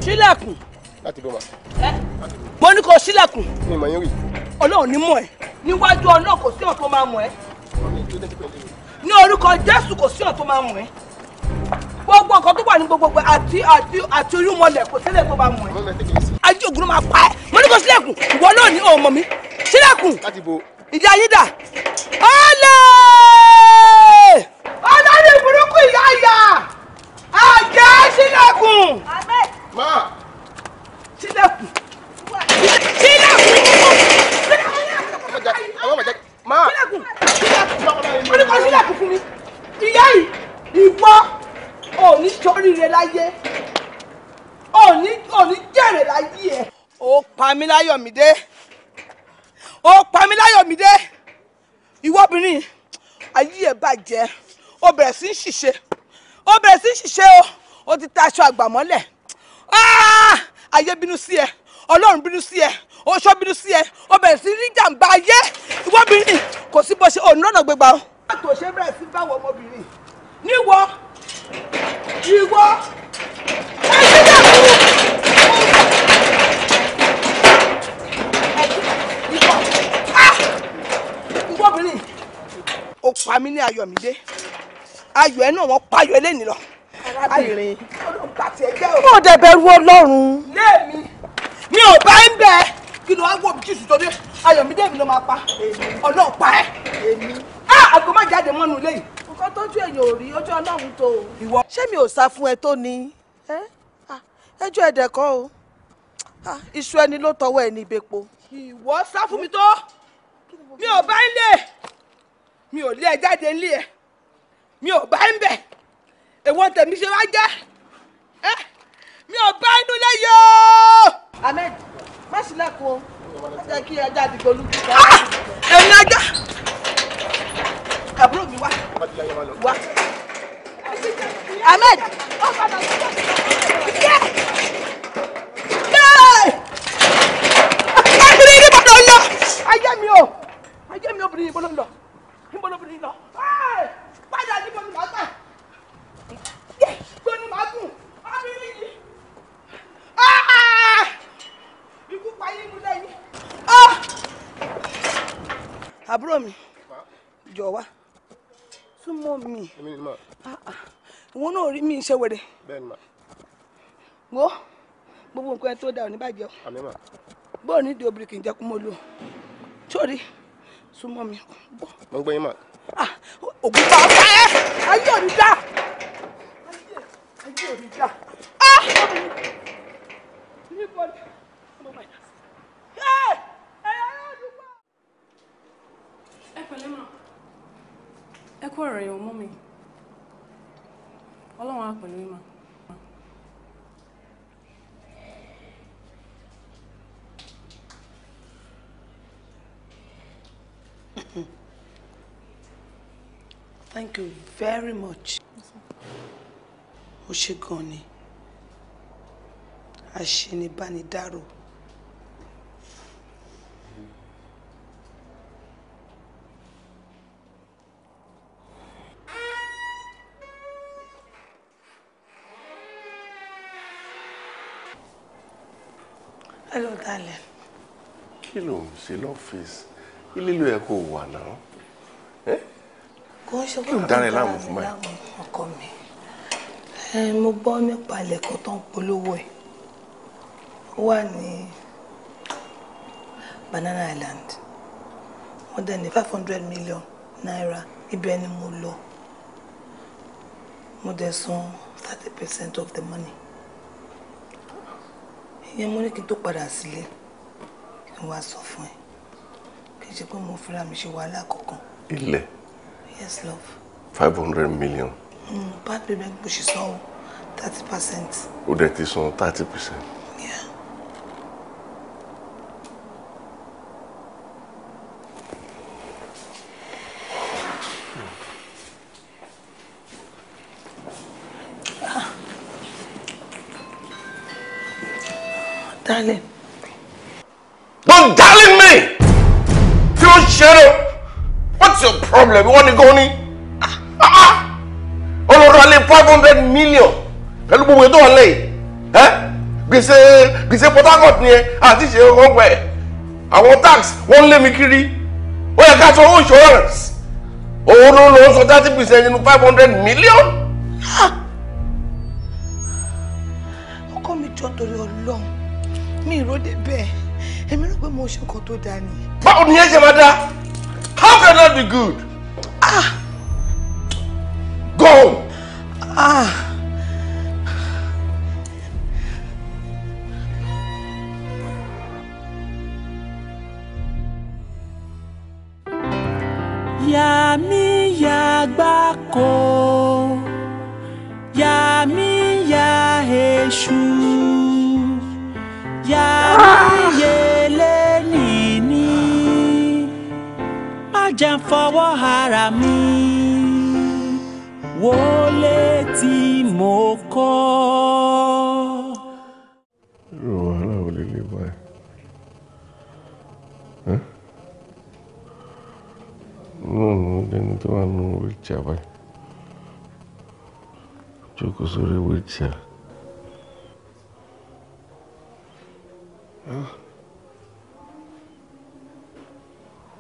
sílẹ̀kùn láti dùn ma. mo ní kó sílẹ̀kùn. mi mọ̀ yín wì. ọlọ́run Ni mọ̀ ẹ́ níwájú ọlọ́run kò sí ọ̀tún máa mọ̀ ẹ́. ní orúkọ jésù kò sí ọ̀tún máa mọ̀ ẹ́. gbogbo nǹkan tó wà ní gbogbo àti àti àti irúmọlẹ̀ kò sílẹ̀ tó máa mọ̀ ẹ́. ajé ògùn máa pa ẹ́ mo ní kó sílẹ̀kùn ìwọ náà ní ọmọ mi sílẹ̀kùn. ìjà yín dà. ọ̀lẹ́ ọ̀lẹ́ ní burúkú ìyá ìyá àjẹ́ sílẹ̀kùn. Máa sílẹ̀kùn sílẹ̀kùn máa sílẹ̀kùn sílẹ̀kùn oníkan sílẹ̀kùn fún mi ìyá yìí ìwọ òní sóríire láyé òní òní jèrè láyé ẹ. ó pa mí láyọ̀mídé ó pa mí láyọ̀mídé ìwọ obìnrin ayé ẹ bàjẹ́ ó bẹ̀rẹ̀ sí í ṣiṣẹ́ ó bẹ̀rẹ̀ sí í ṣiṣẹ́ o ó ti ta aṣọ àgbàmọ́lẹ̀. Ah! ayé bínú sí ẹ ọlọ́run bínú sí ẹ oṣó bínú sí ẹ ó bẹ̀rẹ̀ sí ní jàǹbá ayé ìwọ́bìnrin kò sí bó ṣe òun lọ́nà gbégbá o. àtòṣe bẹ̀rẹ̀ sí báwo ọmọbìnrin níwọ ìwọ ẹgbẹ́ náà kú. ó pa mí ní ayọ̀mídé ayọ̀ ẹ náà wọ́n payọ̀ ẹlẹ́nìí lọ arábìnrin olùgbàtì ẹgbẹ́ o. mo dẹ̀ bẹ̀rù ọlọ́run. léèmi mi ò bá ń bẹ kí ló wá wò bí jùsù tó dé ayọ̀mídé mi ló máa pa ọlọ́ọ̀pá ẹ̀. èmi. a àgọ́ má jáde mọ́nu ilé yìí. nǹkan tójú èèyàn ò rí ojú ọlọ́run tó o. ìwọ. ṣé mi ò sá fún ẹ tó ni ẹjọ́ ẹ̀dẹ̀ kọ́ o iṣu ẹni ló tọwọ́ ẹni ìbẹ́po. ìwọ sá fún mi tó mi ò bá ń lè mi ò lé ẹ jáde ńlé ẹ mi ò bá ń bẹ̀ èwo tèmi ṣe wá jẹ́ mi ò bá inú lẹ́yọ̀. ahmed má ṣílẹ̀kùn o má jẹ́ kí ajá àdìgbò olùkú ká. ẹ̀yin ajá àbúrò mi wá wá ahmed. ṣe wèrè wo gbogbo nǹkan tó dà ò ní bàjẹ́ o bó o ní di obìnrin kì í jẹ́ kó mo lò sórí súnmọ́ mi. mo ń gbé yín mà. ògùn pa ọ̀sán ẹ ayé òní dá ayé òní dá. ẹ pẹ̀lẹ́ mọ̀ ẹ kó ọ̀rọ̀ yẹn mọ́ mi ọlọ́run á pẹ̀lú ìmọ̀. Thank you very much. Ó ṣe gan ni. Àṣenibánidárò. Yes, darling. kí ló ń ṣe lọ́fíìsì ilé ló yẹ kó wà náà. kò ń ṣe kó ń dára láàmú fún mi. ọkọ mi mo gbọ́ nípa ilẹ̀kùn tó ń polówó ẹ̀ wà ní Banana Island wọ́n dẹ̀ ní five hundred million naira ibẹ̀ ni mo lọ mo dẹ̀ san thirty percent of the money ìyẹn mo ní kí n tó padà sílé kí n wá sọ fún ẹ kí n ṣe pé mo fira mi ṣe wàhálà kankan. ilẹ̀. yes love. five hundred million. Mm, bad payment bó ṣe sanwó thirty percent. ó dẹ̀ ti san thirty percent. darling. Don't darling me! You shut up! What's your problem? You want to go ni? Ah! Olorale ah, ah. five hundred million. Pẹ̀lú gbogbo ètò ọ̀lẹ́ yìí. Gbèsè gbèsè Port Harcourt ni ẹ àti ṣe ọgbà ẹ̀. Àwọn tax wọ́n lé mi kiri. Ó yẹ ká sọ insurance. Òun ló lọ sọ thirty percent nínú five hundred million. Ah! Ọkọ mi jọ torí Ọlọ́run mi ìròdè bẹ́ẹ̀ èmi rò pé mo ṣe nǹkan tó dáa ni. báwo ni ẹ ṣe máa dá how can that be good. ah go. ah. jẹ́ ń fọwọ́ ara mi wọlé tí mo kọ́. irú wàhálà ò lè lè báyìí. náà ló ń dẹni tó wà nínú wíìchà báyìí jókòó sórí wíìchà. Ah.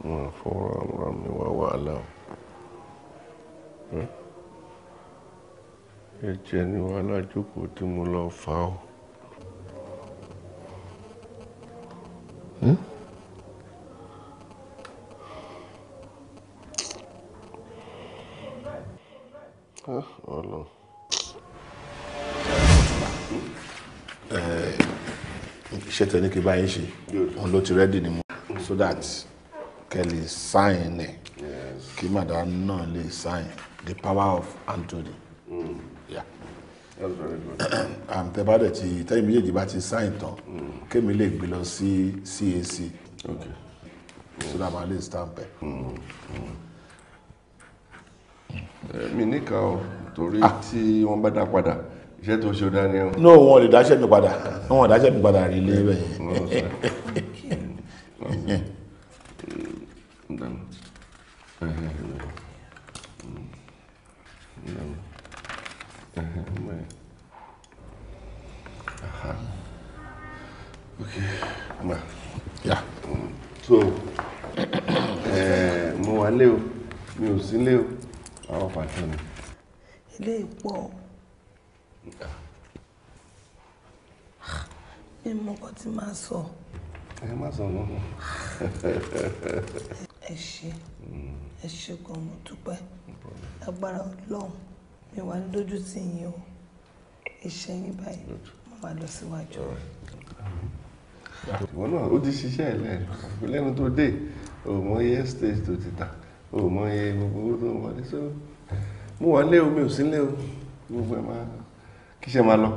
wọn fọwọ́ ara mi wá wàhálà o ẹ̀jẹ̀ ni wàhálà jókòó tí mo lọ fà o. Ọlọ́run. iṣẹ́ tẹ̀ ní kí báyìí ṣe òun ló ti rẹ́dì ni so that kẹ́ lè sign ẹ̀ kí madam náà lè sign the power of Anthony. Mm. Yeah. That's very good. tẹ bá ti tẹ́yìn méjèèjì bá ti sign tán mm. kémi lè gbé lọ sí CAC so that ma lè stamp ẹ̀. Mm. Mm. Eh, mi níkà ọ torí ah. tí wọ́n bá dá padà iṣẹ́ tó ṣe dá ní ọ. no wọn ò lè dáṣẹ́ mi padà wọn ò dáṣẹ́ mi padà rí ilé bẹ́ẹ̀. Okay, ma. Yeah. So, eh, mo wà lé o, mi ò sí lé o, àwọn pàtó ni. Ilé ìpọ̀. Ẹ má sọ nǹkan. Ẹ ṣe ẹ ṣe gan mo dúpẹ́ lágbára ọlọ́run mi wà ní dójú tì o iṣẹ́ yín báyìí mo máa lọ síwájú. ìwọ náà ó ti ṣiṣẹ́ ẹ̀ lẹ́nu tó dé o mọ iye stage tó ti tà o mọ iye gbogbo owó tó ń wọlé so mo wà lé o mi ò sí lé o gbogbo ẹ̀ máa kíṣẹ́ máa lọ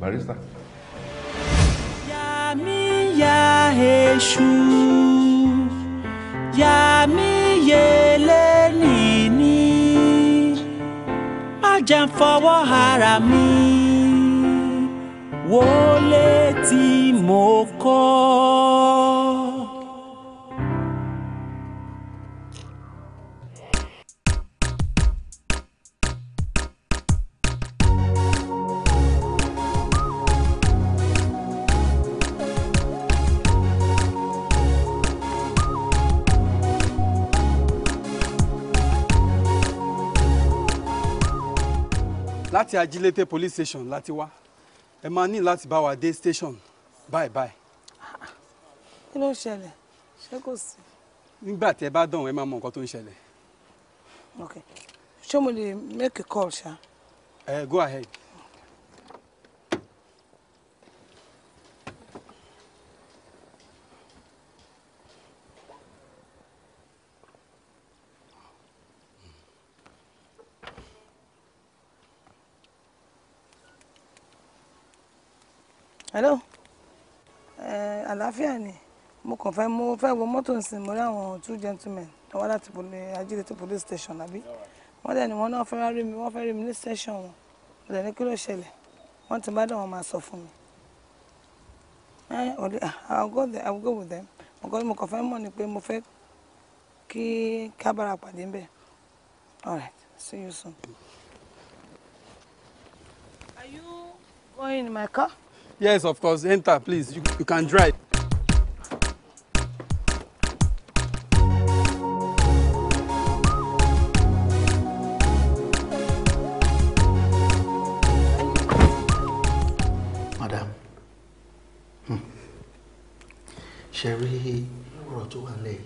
barista. yà yà èṣù. Yami yele nini? lẹ́nìní má jẹ́ n ara mi wọlé tí mo kọ́. láti ajílété police station láti wá ẹ máa ní láti bá wa dé station báyìí báyìí. kí ló ń ṣẹlẹ̀ ṣé kò sí. nígbà tí ẹ bá dán ẹ máa mọ nǹkan tó ń ṣẹlẹ̀. ok ṣé mo lè make a call ṣá. ẹ eh, go ahead. hello ẹ eh, àlàáfíà ni mo kàn fẹ́ mo fẹ́ wo mọ́tò nsìn mo rí àwọn two gentlemen tó wá láti ajílẹ̀tò police station àbí wọ́n dẹ̀ ni wọ́n náà fẹ́ rí mi wọ́n fẹ́ rí mi ní station wọn mo dẹ̀ ní kí ló ṣẹlẹ̀ wọ́n ti bá dẹ̀ wọ́n máa sọ fún mi ẹ eh, ọ̀rẹ́ ah, I'll go there I'll go with them nǹkan mo kàn fẹ́ mọ̀ ni pé mo fẹ́ kí kábàárà pàdé ń bẹ̀ all right see you soon. Are you going in my car? Yes, of course. Enter, please. You, you can drive. Madam, Hmm. Sherry Rotuwale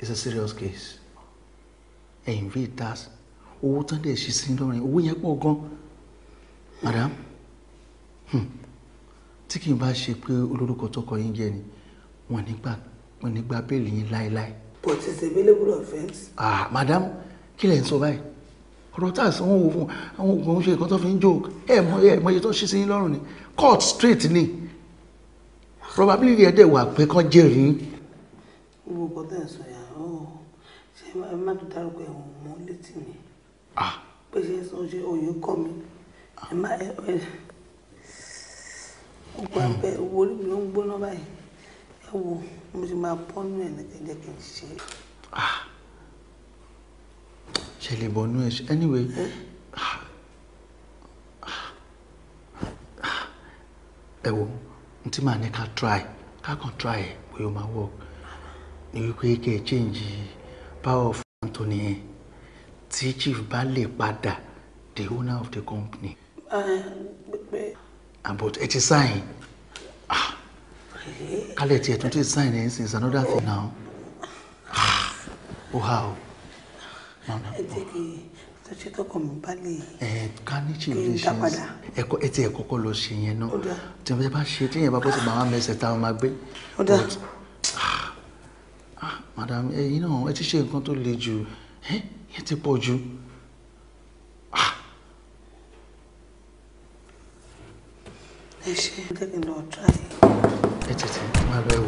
is a serious case. Ẹ̀yin rí us. Oh, tán she's ṣí sí lọ́rin, owó yẹn pọ̀ Madam, hmm tí kì í bá ṣe pé olórúkọ tọkọ yín jẹ ni wọn nígbà wọn nígbà béèlì yín láéláé. but it's available offence. ah madam kí lẹ̀ ń sọ báyìí ọ̀rọ̀ tá à sanwó owó fún àwọn oògùn oúnjẹ kan tó fi ń joke ẹ mọ ẹ mọ iye tó ṣí sí yín lọ́rùn ni court straight ni probability ẹ̀ dẹ̀ wà pé kán jẹ́rìí yín. owó kan tẹ̀ sọ yà ó ṣe ẹ má tó dárúkọ ẹ̀wọ̀n mọ́ létí mi pé ṣe ṣe òye kọ́ mi ẹ má ẹ ó gba bẹ́ẹ̀ owó orí mi ló ń gbóná báyìí ẹ wo mo ti máa bọ́nú ẹ̀ nìkẹ́jẹ́ kí n ṣe. Ah. ṣe lè bọ́nú ẹ̀ anyway ẹ wo n tí màá ní ká try ká kàn try ẹ pé ó máa work ní wípé kẹ́ ẹ change power of Anthony yẹn tí chief bá lè padà the owner of the company. Uh, Ah, but It is. sign ah kálẹ̀ tiẹ̀ tún ti sign ẹ̀ since another thing now ah ó hà ó. ẹ jẹ́ kí tọ́jú tọkàn mi bá lè. ẹ ká ní ṣe lè ṣe ẹ kọ ẹ ti ẹ kọ́kọ́ lọ ṣe yẹn náà tí wọn bá ṣe tí yẹn bá bọ́ sí màmá mẹsẹ̀ táwọn máa gbé. ó dà ah. ah, madam ẹ̀yin náà ẹ ti ṣe nǹkan tó le jù ẹ yẹn ti pọ̀ jù ah ẹ ṣe jẹ́ kí try. ẹ tètè máa lọ ẹ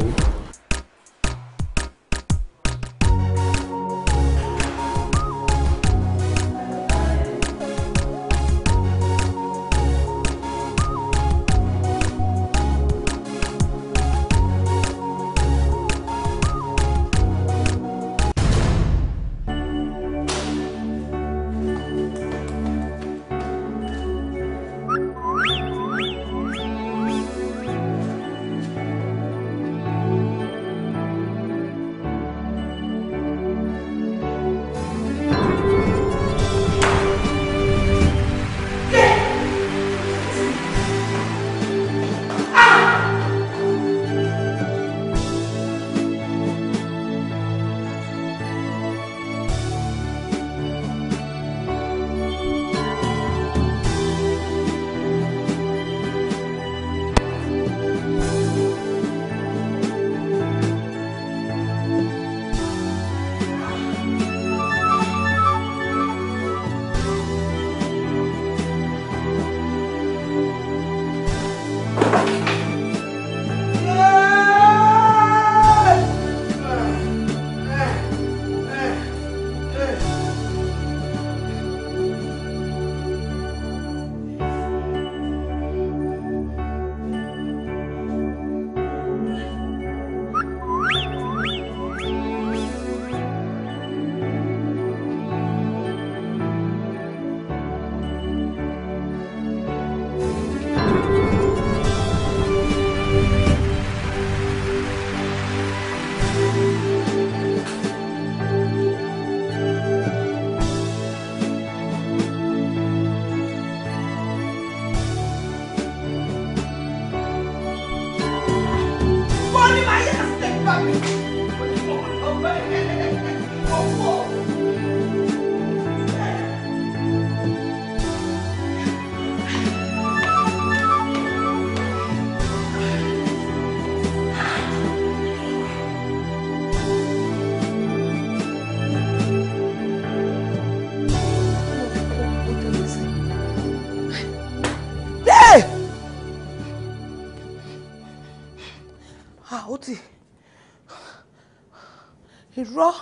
raw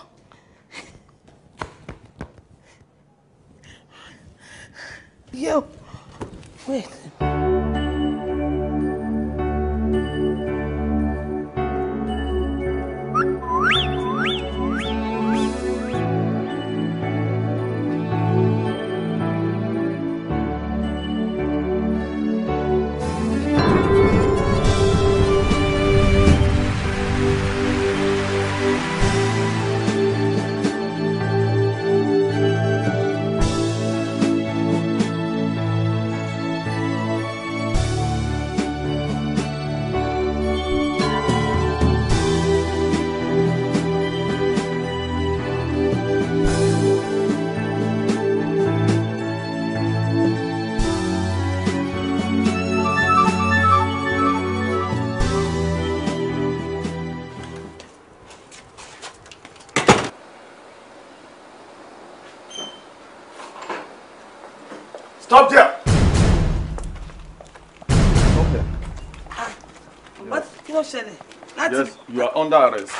you are under arrest.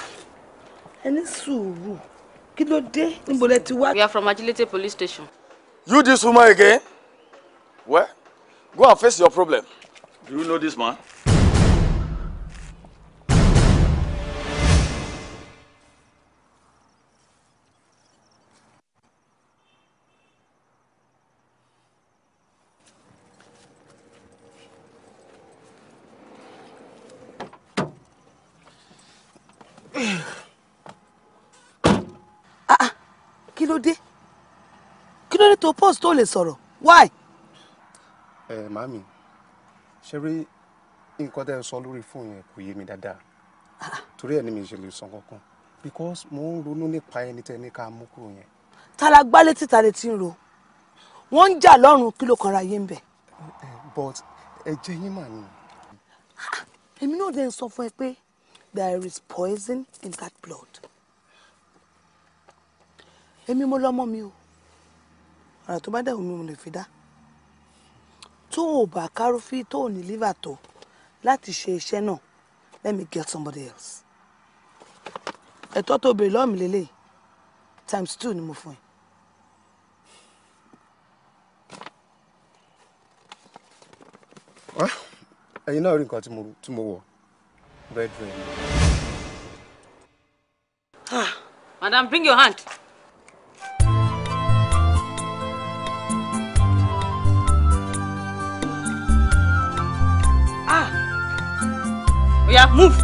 Any ní sùúrù kí ló dé ti wa. we are from Agility police station. you this woman again? Where? go and face your problem. do you know this man? Ah, ah, kí ló dé kí ló dé tó pause tó lè sọ̀rọ̀ why. ẹ màmí ṣe rí nǹkan tẹ́ ẹ sọ lórí fóònù yẹn kò yé mi dáadáa ah, torí ẹ ní mi ṣe lè san kankan because mo ń ronú nípa ẹni tẹ́ ní ká mú kúrò yẹn. tala gbálé títa lè ti ń ro wọ́n ń jà lọ́rùn kí ló kanra yé ń bẹ̀. but ẹ jẹ́ yín mà ni. èmi náà dẹ̀ ń sọ fún ẹ pé there is poison in that blood. èmi mo lọ́mọ mi o ọ̀rọ̀ tó bá dẹ̀ omi mo lè fi dá tó o bá kárọ́fì tó o ní liver tó láti ṣe iṣẹ́ náà let me get somebody else ẹ̀tọ́ tó béèrè lọ́ọ̀mì lélẹ̀ times two ni mo fún ẹ. Ah, ẹ̀yin náà rí nǹkan tí mo wọ̀ bedroom. Ah, madam, bring your hand. Ah. we Oya, move.